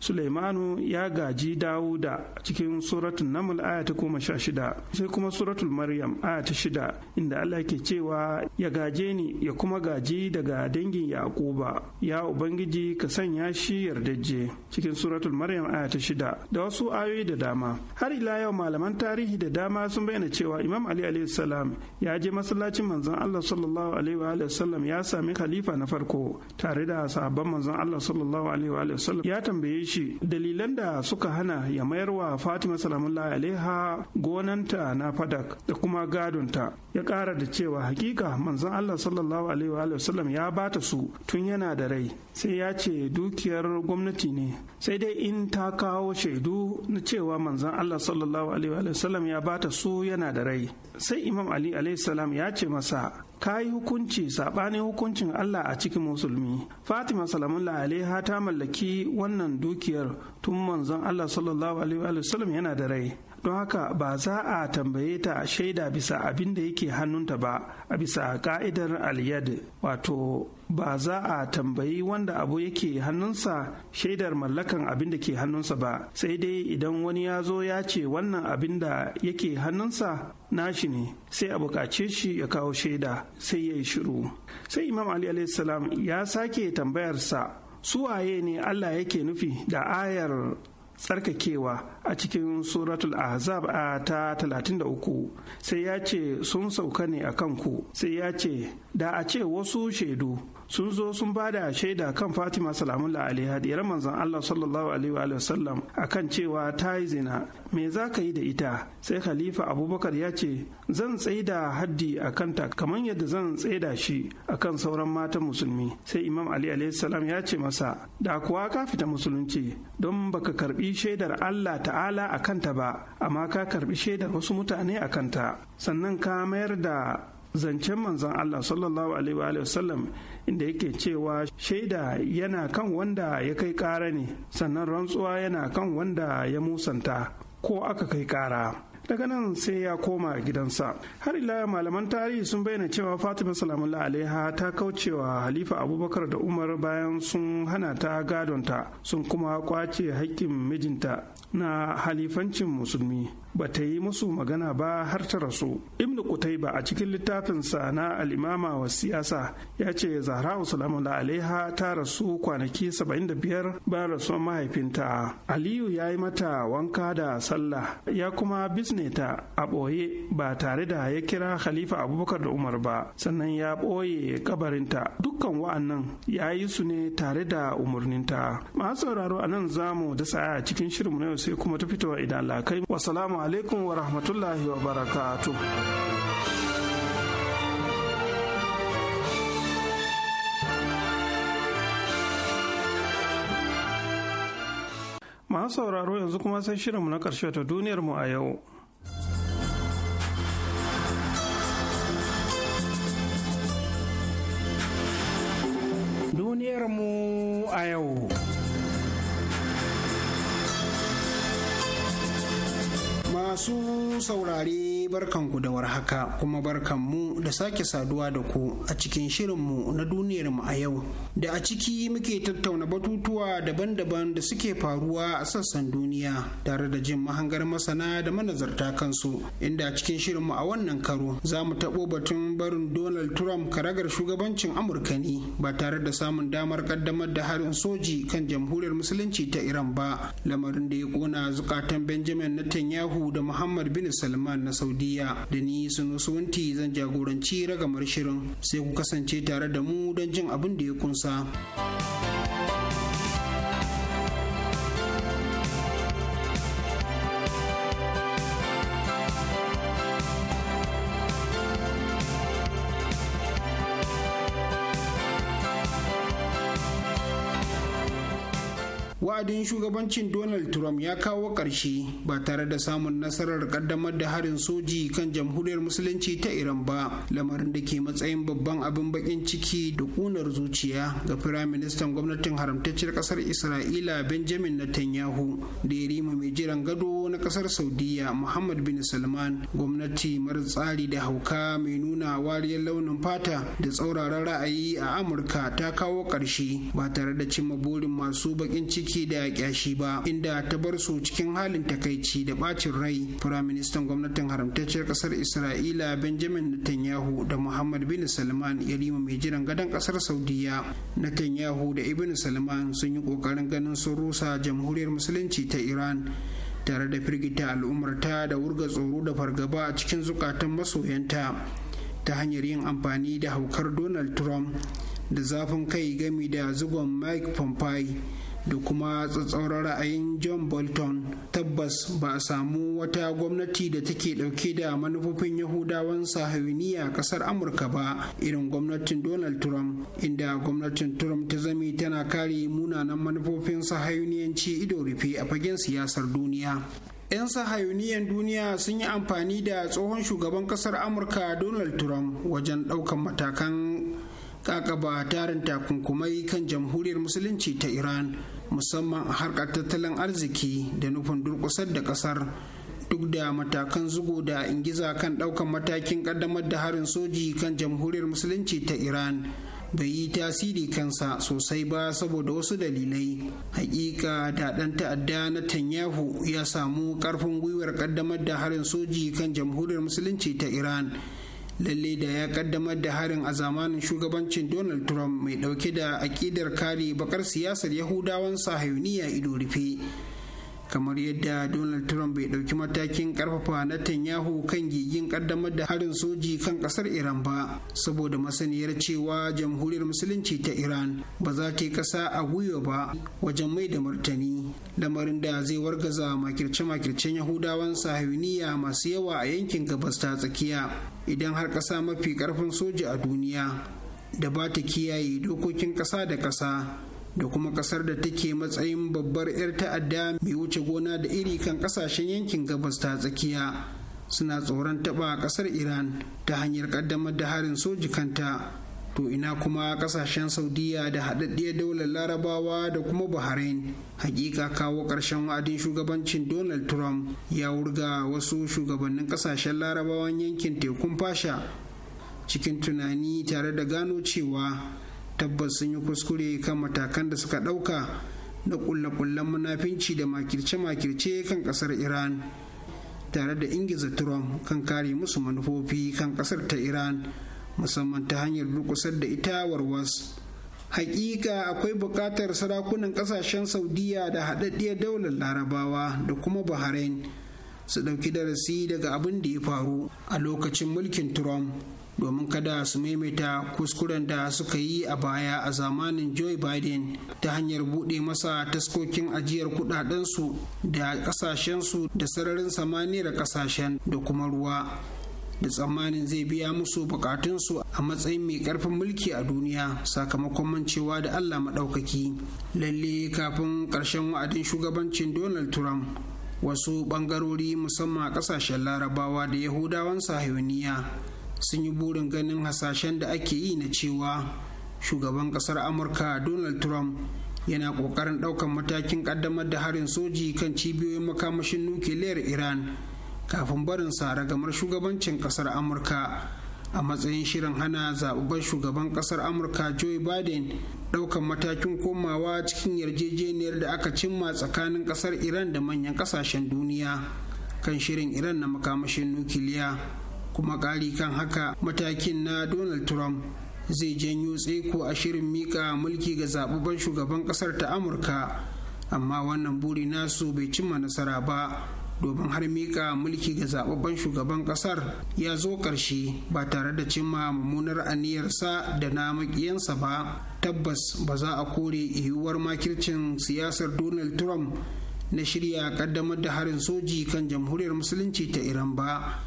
Sulaimanu ya gaji Dawuda cikin suratun Naml aya ta goma sha shida sai kuma suratul Maryam aya ta shida inda Allah ke cewa ya gaje ni ya kuma gaji daga dangin Yaquba ya Ubangiji ka sanya shi yardaje cikin suratul Maryam aya ta shida da wasu ayoyi da dama har ila yau malaman tarihi da dama sun bayyana cewa Imam Ali alayhi salam ya je masallacin manzon Allah sallallahu alaihi wa sallam ya sami khalifa na farko tare da sahabban manzon Allah sallallahu alaihi wa sallam ya tambaye shi dalilan da suka hana ya mayar wa fatima salamullahi alaiha gonanta na fadak da kuma gadonta ya kara da cewa hakika manzon allah sallallahu alaihi wa ya bata su tun yana da rai sai ya ce dukiyar gwamnati ne sai dai in ta kawo shaidu na cewa manzon allah sallallahu alaihi wa ya bata su yana da rai sai imam ali salam ya ce masa ka yi hukunci saɓanin hukuncin allah a cikin musulmi fatima salamullah alaiha ta mallaki wannan dukiyar tun manzon allah sallallahu alaihi wasallam yana da rai don haka ba za a tambaye ta shaida bisa abin da yake hannunta ba a bisa ka'idar aliyad wato ba za a tambayi wanda abu yake hannunsa shaidar mallakan abin da ke hannunsa ba sai dai idan wani ya zo ya ce wannan abin da yake hannunsa na shi ne sai a buƙace shi ya kawo shaida sai ya yi shiru sai imam ali salam ya sake tambayarsa su waye ne allah yake nufi da ayar tsarkakewa a cikin suratul ahzab a ta 33 sai ya ce sun sauka ne a kanku sai ya ce da a ce wasu shaidu sun zo sun ba da shaida kan fatima Salamun la'ali Hadiyar manzon allah sallallahu alaihi wa sallam akan cewa ta yi zina me za ka yi da ita sai khalifa abubakar ya ce zan tsaida haddi a kanta kamar yadda zan tsaida shi a kan sauran matan musulmi sai imam ali alaihi salam ya ce masa da kuwa ka fita musulunci don baka karbi shaidar allah ta ta'ala a kanta ba amma ka karbi shaidar wasu mutane a kanta sannan ka mayar da zancen manzon Allah sallallahu alaihi wasallam inda yake cewa shaida yana kan wanda ya kai ƙara ne sannan rantsuwa yana kan wanda ya musanta ko aka kai ƙara daga nan sai ya koma gidansa har ila malaman tarihi sun bayyana cewa fatima salamullah alaiha ta kaucewa halifa abubakar da umar bayan sun hana ta gadonta sun kuma kwace hakkin mijinta na halifancin musulmi ba ta yi musu magana ba har ta rasu Ibn kutaiba a cikin littafinsa na al'imama wa siyasa ya ce zahra salamu alaiha ta rasu kwanaki saba'in da 75 bayan rasuwar mahaifinta aliyu ya yi mata wanka da sallah ya kuma bisne ta a ɓoye ba tare da ya kira khalifa abubakar da umar ba sannan ya ɓoye kabarinta dukkan wa'annan ya yi su ne tare da umarninta masu sauraro a nan za mu da a cikin shirinmu na yau sai kuma ta fitowa idan lakai wasalamu alaikum wa rahmatullahi wa barakatu. Masu sauraro yanzu kuma sai shirinmu na ƙarshe ta duniyar mu a yau.
Duniyar mu a yau.
masu saurare barkan ku da warhaka kuma mu da sake saduwa da ku a cikin shirinmu na duniyarmu a yau da a ciki muke tattauna batutuwa daban-daban da suke faruwa a sassan duniya tare da jin mahangar masana da manazarta kansu inda a cikin shirinmu a wannan karo za mu taɓo batun barin Donald Trump karagar shugabancin Amurka ne ba tare da samun damar kaddamar da harin soji kan jamhuriyar musulunci ta Iran ba lamarin da ya kona zukatan Benjamin Netanyahu da Muhammad bin Salman na Saudi saudiya da ni sun suwanti zan jagoranci ragamar shirin sai ku kasance tare da mu don jin abin da ya kunsa. wa'adin shugabancin donald trump ya kawo ƙarshe ba tare da samun nasarar ƙaddamar da harin soji kan jamhuriyar musulunci ta iran ba lamarin da ke matsayin babban abin bakin ciki da ƙunar zuciya ga firaministan gwamnatin haramtacciyar ƙasar isra'ila benjamin netanyahu da ya rima mai jiran gado na ƙasar saudiya muhammad bin salman gwamnati mara tsari da hauka mai nuna wariyar launin fata da tsauraran ra'ayi a amurka ta kawo ƙarshe ba tare da cimma burin masu bakin ciki da yaƙa kyashi ba inda ta bar su cikin halin takaici da bacin rai firaministan gwamnatin haramtacciyar ƙasar isra'ila benjamin netanyahu da muhammad bin salman yarima mai jiran gadon ƙasar saudiya netanyahu da ibn salman sun yi ƙoƙarin ganin sun rusa jamhuriyar musulunci ta iran tare da firgita al'ummarta da wurga tsoro da fargaba a cikin zukatan masoyanta ta hanyar yin amfani da haukar donald trump da zafin kai gami da zugon mike pompeo da kuma tsatsauran ra'ayin john bolton tabbas ba a samu wata gwamnati da take dauke da manufofin yahudawan sahawiniya a kasar amurka ba irin gwamnatin donald trump inda gwamnatin trump ta zami tana kare munanan manufofin sahayuniyanci ido rufe a fagen siyasar duniya 'yan sahayuniyan duniya sun yi amfani da tsohon shugaban kasar amurka donald trump wajen ɗaukan matakan kakaba tarin takunkumai kan jamhuriyar musulunci ta iran musamman a harkar tattalin arziki da nufin durƙusar da kasar duk da matakan zugo da ingiza kan ɗaukan matakin ƙaddamar da harin soji kan jamhuriyar musulunci ta iran bai yi tasiri kansa sosai ba saboda wasu dalilai hakika da ɗan ta'adda na tanyahu ya samu ƙarfin gwiwar ƙaddamar da harin soji kan jamhuriyar musulunci ta iran lalle da ya kaddamar da harin a zamanin shugabancin donald trump mai dauke da akidar kare bakar siyasar yahudawan sahayuniya ido rufe kamar yadda donald trump bai dauki matakin karfafa netanyahu kan gigin kaddamar da harin soji kan kasar iran ba saboda masaniyar cewa jamhuriyar musulunci ta iran ba za ta yi kasa a gwiwa ba wajen mai da martani lamarin da zai wargaza makirce-makircen yahudawan sahiyuniya masu yawa a yankin gabas ta tsakiya idan har kasa mafi karfin soja a duniya da ba ta kiyaye dokokin kasa da kasa da kuma kasar da take matsayin babbar 'yar ta'adda mai wuce gona da iri kan kasashen yankin gabas ta tsakiya suna tsoron taɓa kasar iran ta hanyar ƙaddamar da harin soji kanta to ina kuma kasashen saudiya da haɗaɗɗiyar daular larabawa da kuma bahrain hakika kawo ƙarshen wa'adin shugabancin donald trump ya wurga wasu shugabannin kasashen larabawan yankin tekun fasha cikin tunani tare da gano cewa tabbas sun yi kuskure kan matakan da suka ɗauka na ƙulle-ƙullen munafinci da makirce-makirce kan ƙasar iran tare da ingiza trump kan kare musu manufofi kan ƙasar ta iran musamman ta hanyar durƙusar da ita warwas hakika akwai buƙatar sarakunan ƙasashen saudiya da haɗaɗɗiyar daular larabawa da kuma bahrain su ɗauki darasi daga abin da ya faru a lokacin mulkin trump domin kada su maimaita kuskuren da suka yi a baya a zamanin joe biden ta hanyar buɗe masa taskokin ajiyar kudadensu da kasashensu da sararin samaniyar kasashen da kuma ruwa da tsammanin zai biya musu bukatunsu a matsayin mai karfin mulki a duniya sakamakon mancewa da allah maɗaukaki lalle kafin ƙarshen wa'adin shugabancin donald trump wasu ɓangarori musamman a ƙasashen larabawa da yahudawan sahiyoniya sun yi burin ganin hasashen da ake yi na cewa shugaban kasar amurka donald trump yana kokarin daukan matakin kaddamar da harin soji kan cibiyoyin makamashin nukiliyar iran kafin barin ragamar shugabancin kasar amurka a matsayin shirin hana zababban shugaban kasar amurka joe biden daukan matakin komawa cikin yarjejeniyar da aka cimma tsakanin kasar iran da manyan kasashen duniya kan shirin iran na makamashin nukiliya kuma ƙari kan haka matakin na donald trump zai janyo tseko a shirin mika mulki ga zaɓuɓɓen shugaban ƙasar ta amurka amma wannan buri nasu bai cimma nasara ba domin har mika mulki ga zaɓuɓɓen shugaban ƙasar ya zo ƙarshe ba tare da cimma mummunar aniyarsa da na makiyansa ba tabbas ba za a kore yiwuwar makircin siyasar donald trump na shirya kaddamar da harin soji kan jamhuriyar musulunci ta iran ba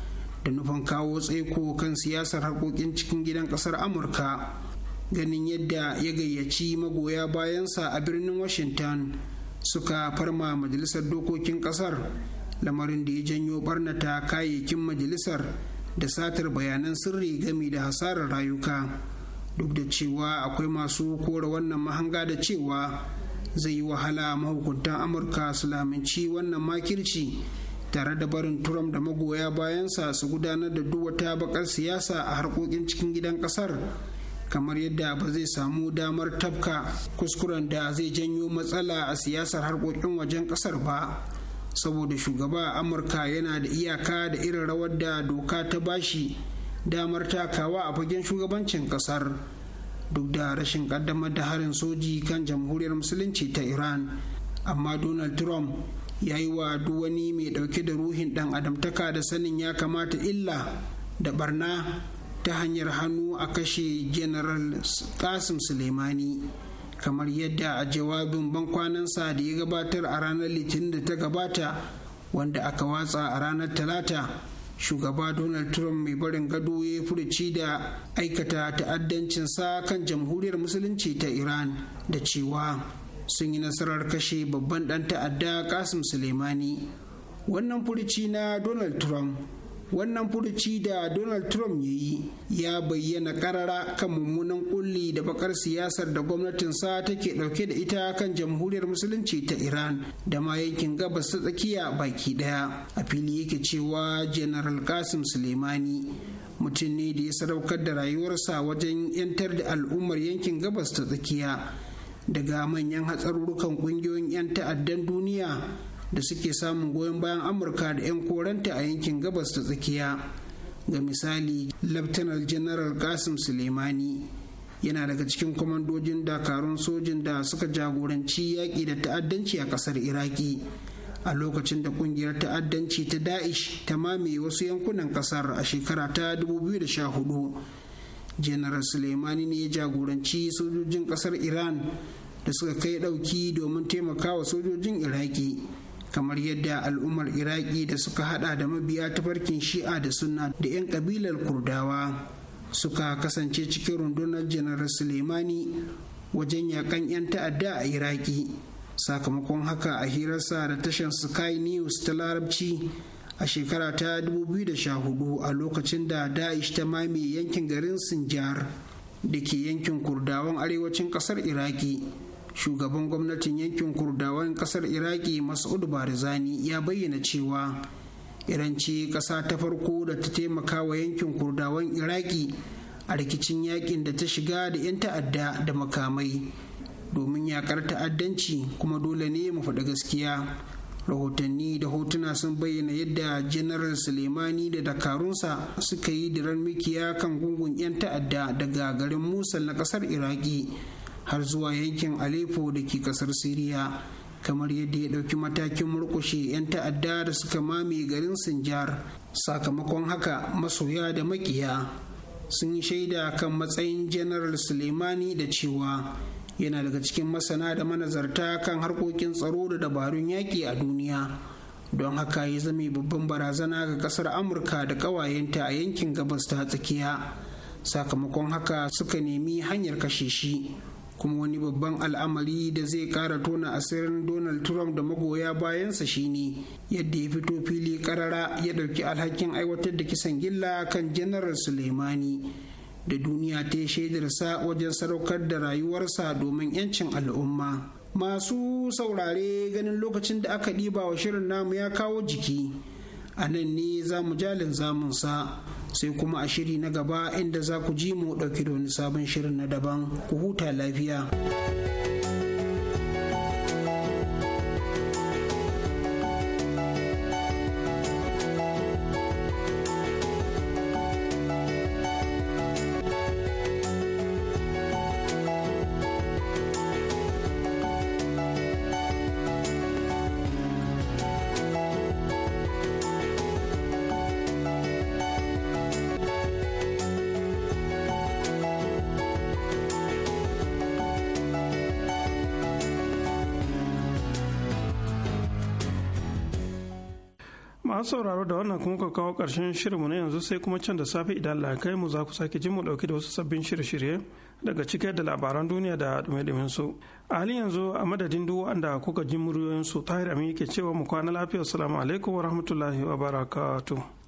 da nufin kawo tsaiko kan siyasar harkokin cikin gidan kasar amurka ganin yadda ya gayyaci magoya bayansa a birnin washington suka farma majalisar dokokin kasar lamarin da ya janyo barnata kayayyakin majalisar da satar bayanan sirri gami da hasarar rayuka duk da cewa akwai masu kora wannan mahanga da cewa zai yi wahala mahukuntan amurka su laminci wannan makirci tare da barin Trump da magoya bayansa su gudanar da duk wata bakar siyasa a harkokin cikin gidan kasar kamar yadda ba zai samu damar tabka kuskuren da zai janyo matsala a siyasar harkokin wajen kasar ba saboda shugaba amurka yana da iyaka da irin rawar da doka ta bashi damar takawa a fagen shugabancin kasar duk da rashin kaddamar da harin soji kan jamhuriyar musulunci ta iran amma donald trump ya yi wa duk wani mai ɗauke da ruhin ɗan adamtaka da sanin ya kamata illa da barna ta hanyar hannu a kashe general kasim suleimani kamar yadda a jawabin bankwanansa da ya gabatar a ranar litinin da ta gabata wanda aka watsa a ranar talata shugaba donald trump mai barin gado ya furuci da aikata ta'addancinsa kan jamhuriyar musulunci ta iran da cewa sun yi nasarar kashe babban ɗan ta'adda kasim suleimani wannan furuci na donald trump wannan furuci da donald trump ya yi ya bayyana karara kan mummunan kulli da bakar siyasar da gwamnatinsa take dauke da ita kan jamhuriyar musulunci ta iran da ma yankin gabas ta tsakiya baki daya a fili yake cewa general kasim suleimani mutum ne da ya sadaukar da rayuwarsa wajen 'yantar da al'ummar yankin gabas ta tsakiya daga manyan hatsarurrukan kungiyoyin 'yan ta'addan duniya da suke samun goyon bayan amurka da 'yan koranta a yankin gabas ta tsakiya ga misali laftanar general kasim suleimani yana daga cikin kwamandojin dakarun sojin da suka jagoranci yaƙi da ta'addanci a ƙasar iraki a lokacin da kungiyar ta'addanci ta da'ish ta mamaye wasu yankunan ƙasar a shekara ta 2014 janaral suleimani ne ya jagoranci sojojin kasar iran da suka kai ɗauki domin taimakawa sojojin iraki kamar yadda al'ummar iraki da suka hada da mabiya ta tafarkin shi'a da sunna da 'yan kabilar kurdawa suka kasance cikin rundunar janaral suleimani wajen yakan 'yan ta'adda a iraki sakamakon haka a hirarsa da tashar sky news ta larabci a shekara ta 2014 a lokacin da Daesh ta mame yankin garin Sinjar da ke yankin Kurdawan arewacin kasar Iraki. Shugaban gwamnatin yankin Kurdawan kasar Iraki Mas'ud barizani ya bayyana cewa iranci ce ƙasa ta farko da ta taimaka wa yankin Kurdawan Iraki a rikicin yakin da ta shiga da 'yan ta'adda da makamai domin yakar ta'addanci kuma dole ne mu faɗi gaskiya. rahotanni da hotuna sun bayyana yadda janaral suleimani da dakarunsa suka yi diran mikiya kan gungun 'yan ta'adda daga garin musul na kasar iraki har zuwa yankin aleppo da ke kasar siriya kamar yadda ya ɗauki matakin murkushe 'yan ta'adda da suka mame garin sinjar sakamakon haka masoya da makiya sun yi shaida kan matsayin janaral suleimani da cewa yana daga cikin masana da manazarta kan harkokin tsaro da dabarun yaƙi a duniya don haka ya zama babban barazana ga kasar amurka da ƙawayenta a yankin gabas ta tsakiya sakamakon haka suka nemi hanyar kashe shi kuma wani babban al'amari da zai kara tona asirin donald trump da magoya bayansa shine yadda ya fito fili karara ya ɗauki alhakin aiwatar da kisan gilla kan janaral suleimani da duniya ta yi shaidarsa wajen sadaukar da rayuwarsa domin 'yancin al'umma masu saurare ganin lokacin da aka ɗiba wa shirin namu ya kawo jiki a nan ne za mu jalin zamunsa sai kuma a shiri na gaba inda za ku ji mu ɗauki da wani sabon shirin na daban ku huta lafiya.
da wannan kuma ka kawo ƙarshen shirinmu na yanzu sai kuma can da safe idan kai mu za ku sake jin mu dauke da wasu sabbin shirye-shirye daga cike da labaran duniya da dume-dume su. A halin yanzu a madadin duk wanda kuka ji muryoyin su tahir amin yake cewa mu kwana lafiya assalamu alaikum wa rahmatullahi wa barakatu.